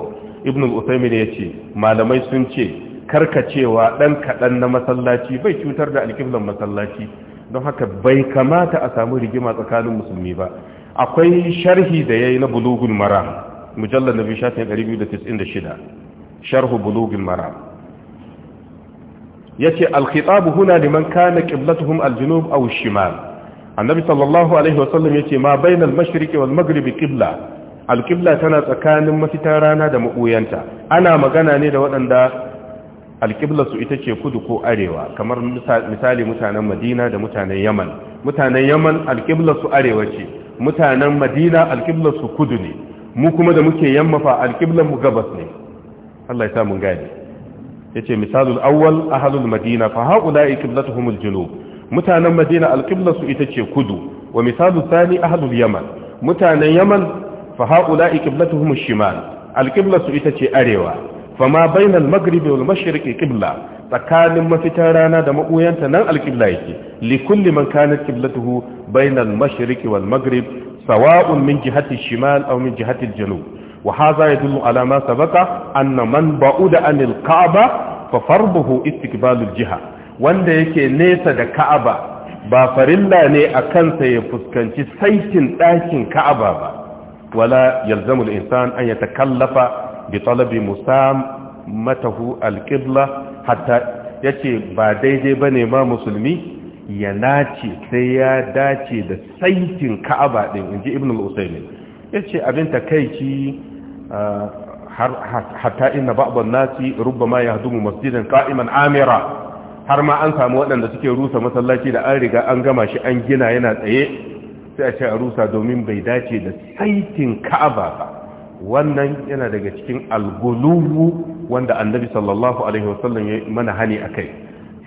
ibn al yace malamai sun ce karkacewa dan kadan na masallaci bai cutar da qiblan masallaci don haka bai kamata a samu rigima tsakanin musulmi ba akwai sharhi da yayi na bulugul maram mujallal nabi shafin 296 sharhu bulugul maram yace al-khitab huna liman kana qiblatuhum al-junub aw shimal annabi sallallahu alaihi wasallam yace ma bainal mashriqi wal maghribi qibla al-qibla tana tsakanin mafitar rana da mabuyanta ana magana ne da waɗanda al su ita ce kudu ko arewa kamar misali mutanen Madina da mutanen Yaman mutanen Yaman al su arewa ce mutanen Madina al su kudu ne mu kuma da muke yammafa al mu gabas ne Allah ya sa mun gane yace misalul awwal ahlul madina fa haula'i qiblatuhum junub mutanen madina al itace ita ce kudu wa misalul thani ahlul yaman mutanen yaman fa haula'i qiblatuhum al-shimal al-qiblatu ita ce arewa fama bainal maghribi wal mashriqi qibla tsakanin mafita rana da mabuyanta nan al yake li kulli man kanat qiblatuhu bainal mashriqi wal maghrib sawa'un min jihati shimal aw min jihati al-janub wa hadha yadullu ala ma sabaqa anna man da anil ka'aba fa farbuhu jiha wanda yake nesa da ka'aba ba farilla ne a kansa ya fuskanci saitin ɗakin ka'aba ba wala yalzamul insan an takallafa bi talabi musam matahu alqibla hatta yace ba daidai bane ma musulmi ya nace sai ya dace da saitin ka'aba din inji ibn al-usaymin yace abin takeici hatta إن بعض nasi ربما يهدم masjidan قائما amira har ma an samu waɗanda suke rusa masallaci da an riga an gama shi an gina yana tsaye sai a ce a rusa domin bai dace da saitin ka'aba ba wannan yana daga cikin algulubu wanda annabi sallallahu alaihi wasallam ya mana hani a kai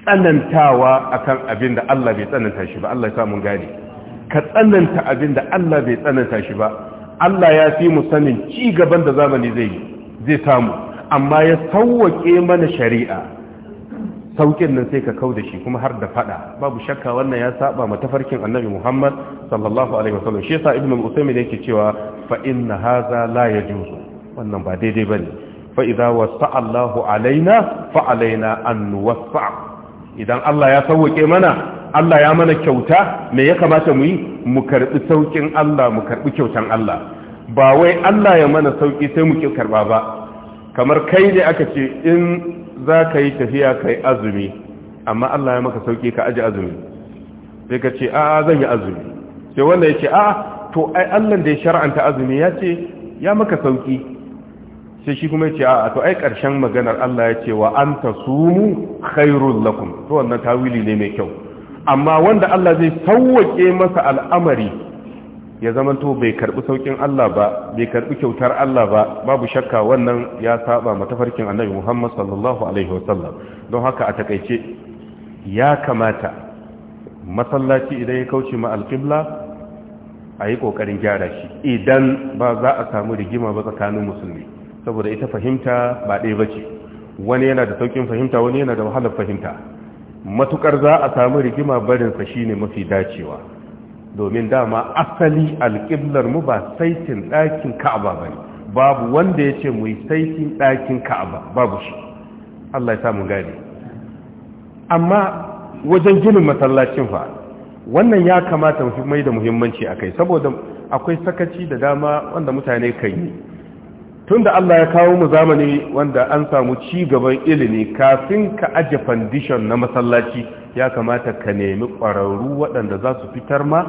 tsanantawa akan abin da Allah bai tsananta shi ba Allah ya sa mun ka tsananta abin da Allah bai tsananta shi ba Allah ya fi mu sanin ci gaban da zamani zai zai samu amma ya sauwake mana shari'a saukin nan sai ka kau da shi kuma har da fada babu shakka wannan ya saba ma tafarkin annabi Muhammad sallallahu alaihi wasallam shi yasa ibnu usaymin yake cewa fa inna hadha la yajuzu wannan ba daidai bane fa idza wasa Allahu alaina fa alaina an nuwaffa idan Allah ya sauwake mana Allah ya mana kyauta me ya kamata mu yi mu karbi saukin Allah mu karbi kyautan Allah ba wai Allah ya mana sauki sai mu ki karba ba kamar kai ne aka ce in za ka yi tafiya ka yi azumi amma Allah ya maka sauki ka aje azumi sai ka ce a zan yi azumi sai wanda ya ce a to ai Allah da ya shar'anta azumi ya ce ya maka sauki sai shi kuma ya a to ai karshen maganar Allah ya ce wa anta sumu khairul lakum to wannan tawili ne mai kyau amma wanda Allah zai sauwake masa al'amari ya zamanto bai karbi saukin Allah ba bai karbi kyautar Allah ba babu shakka wannan ya saba matafarkin annabi Muhammad sallallahu alaihi wasallam don haka a takaice ya kamata masallaci idan ya kauce ma alqibla ayi kokarin gyara shi idan ba za a samu rigima ba tsakanin musulmi saboda ita fahimta ba ɗaya bace wani yana da saukin fahimta wani yana da wahalar fahimta matukar za a samu rigima barinsa shine mafi dacewa domin dama asali alƙiblar mu ba saitin ɗakin ka'aba ba ne babu wanda ya ce mu yi saitin ɗakin ka'aba babu shi Allah ya samu gane amma wajen ginin masallacin fa wannan ya kamata mu fi mai da muhimmanci a kai saboda akwai sakaci da dama wanda mutane kan yi tunda Allah ya kawo mu zamani wanda an samu ci gaban ilimi kafin ka aje foundation na masallaci ya kamata ka nemi ƙwararru waɗanda za su fitar ma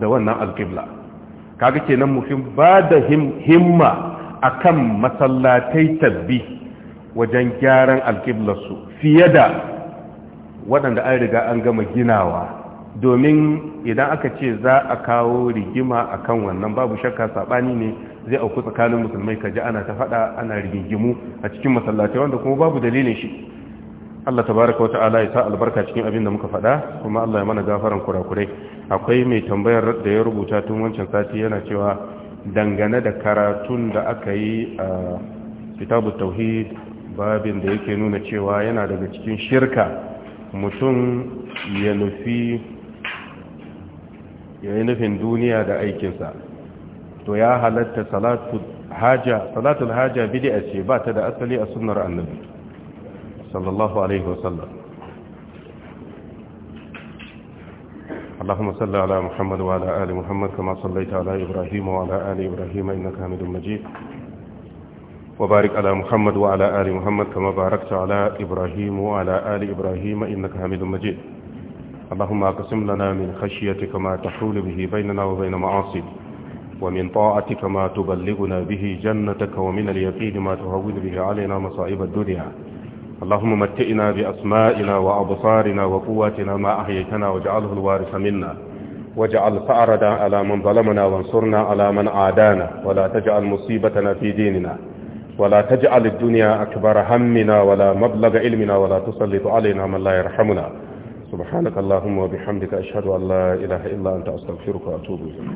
da wannan alƙibla kaga kenan muhim ba da himma akan masallatai tabbi wajen gyaran su fiye da waɗanda an riga an gama ginawa domin idan aka ce za a kawo rigima akan wannan babu shakka saɓani ne zai auku tsakanin musulmai kaji ana ta faɗa ana rigingimu a cikin masallatai wanda kuma babu dalilin shi Allah tabaraka wa ta'ala ya sa albarka cikin abin da muka faɗa kuma Allah ya mana gafaran kurakurai akwai mai tambayar da ya rubuta tun wancan sati yana cewa dangane da karatun da aka yi a kitabu tauhid babin da yake nuna cewa yana daga cikin shirka mutum ya nufi ya yi nufin duniya da aikinsa to ya halatta salatul haja salatul haja bid'a ce ba ta da asali a sunnar annabi sallallahu alaihi wasallam اللهم صل على محمد وعلى آل محمد كما صليت على إبراهيم وعلى آل إبراهيم إنك حميد مجيد وبارك على محمد وعلى آل محمد كما باركت على إبراهيم وعلى آل إبراهيم إنك حميد مجيد اللهم أقسم لنا من خشيتك ما تحول به بيننا وبين معاصيك ومن طاعتك ما تبلغنا به جنتك ومن اليقين ما تهون به علينا مصائب الدنيا اللهم متئنا بأسمائنا وأبصارنا وقواتنا ما أحييتنا واجعله الوارث منا واجعل فأردا على من ظلمنا وانصرنا على من عادانا ولا تجعل مصيبتنا في ديننا ولا تجعل الدنيا أكبر همنا ولا مبلغ علمنا ولا تسلط علينا من لا يرحمنا سبحانك اللهم وبحمدك أشهد أن لا إله إلا أنت أستغفرك وأتوب إليك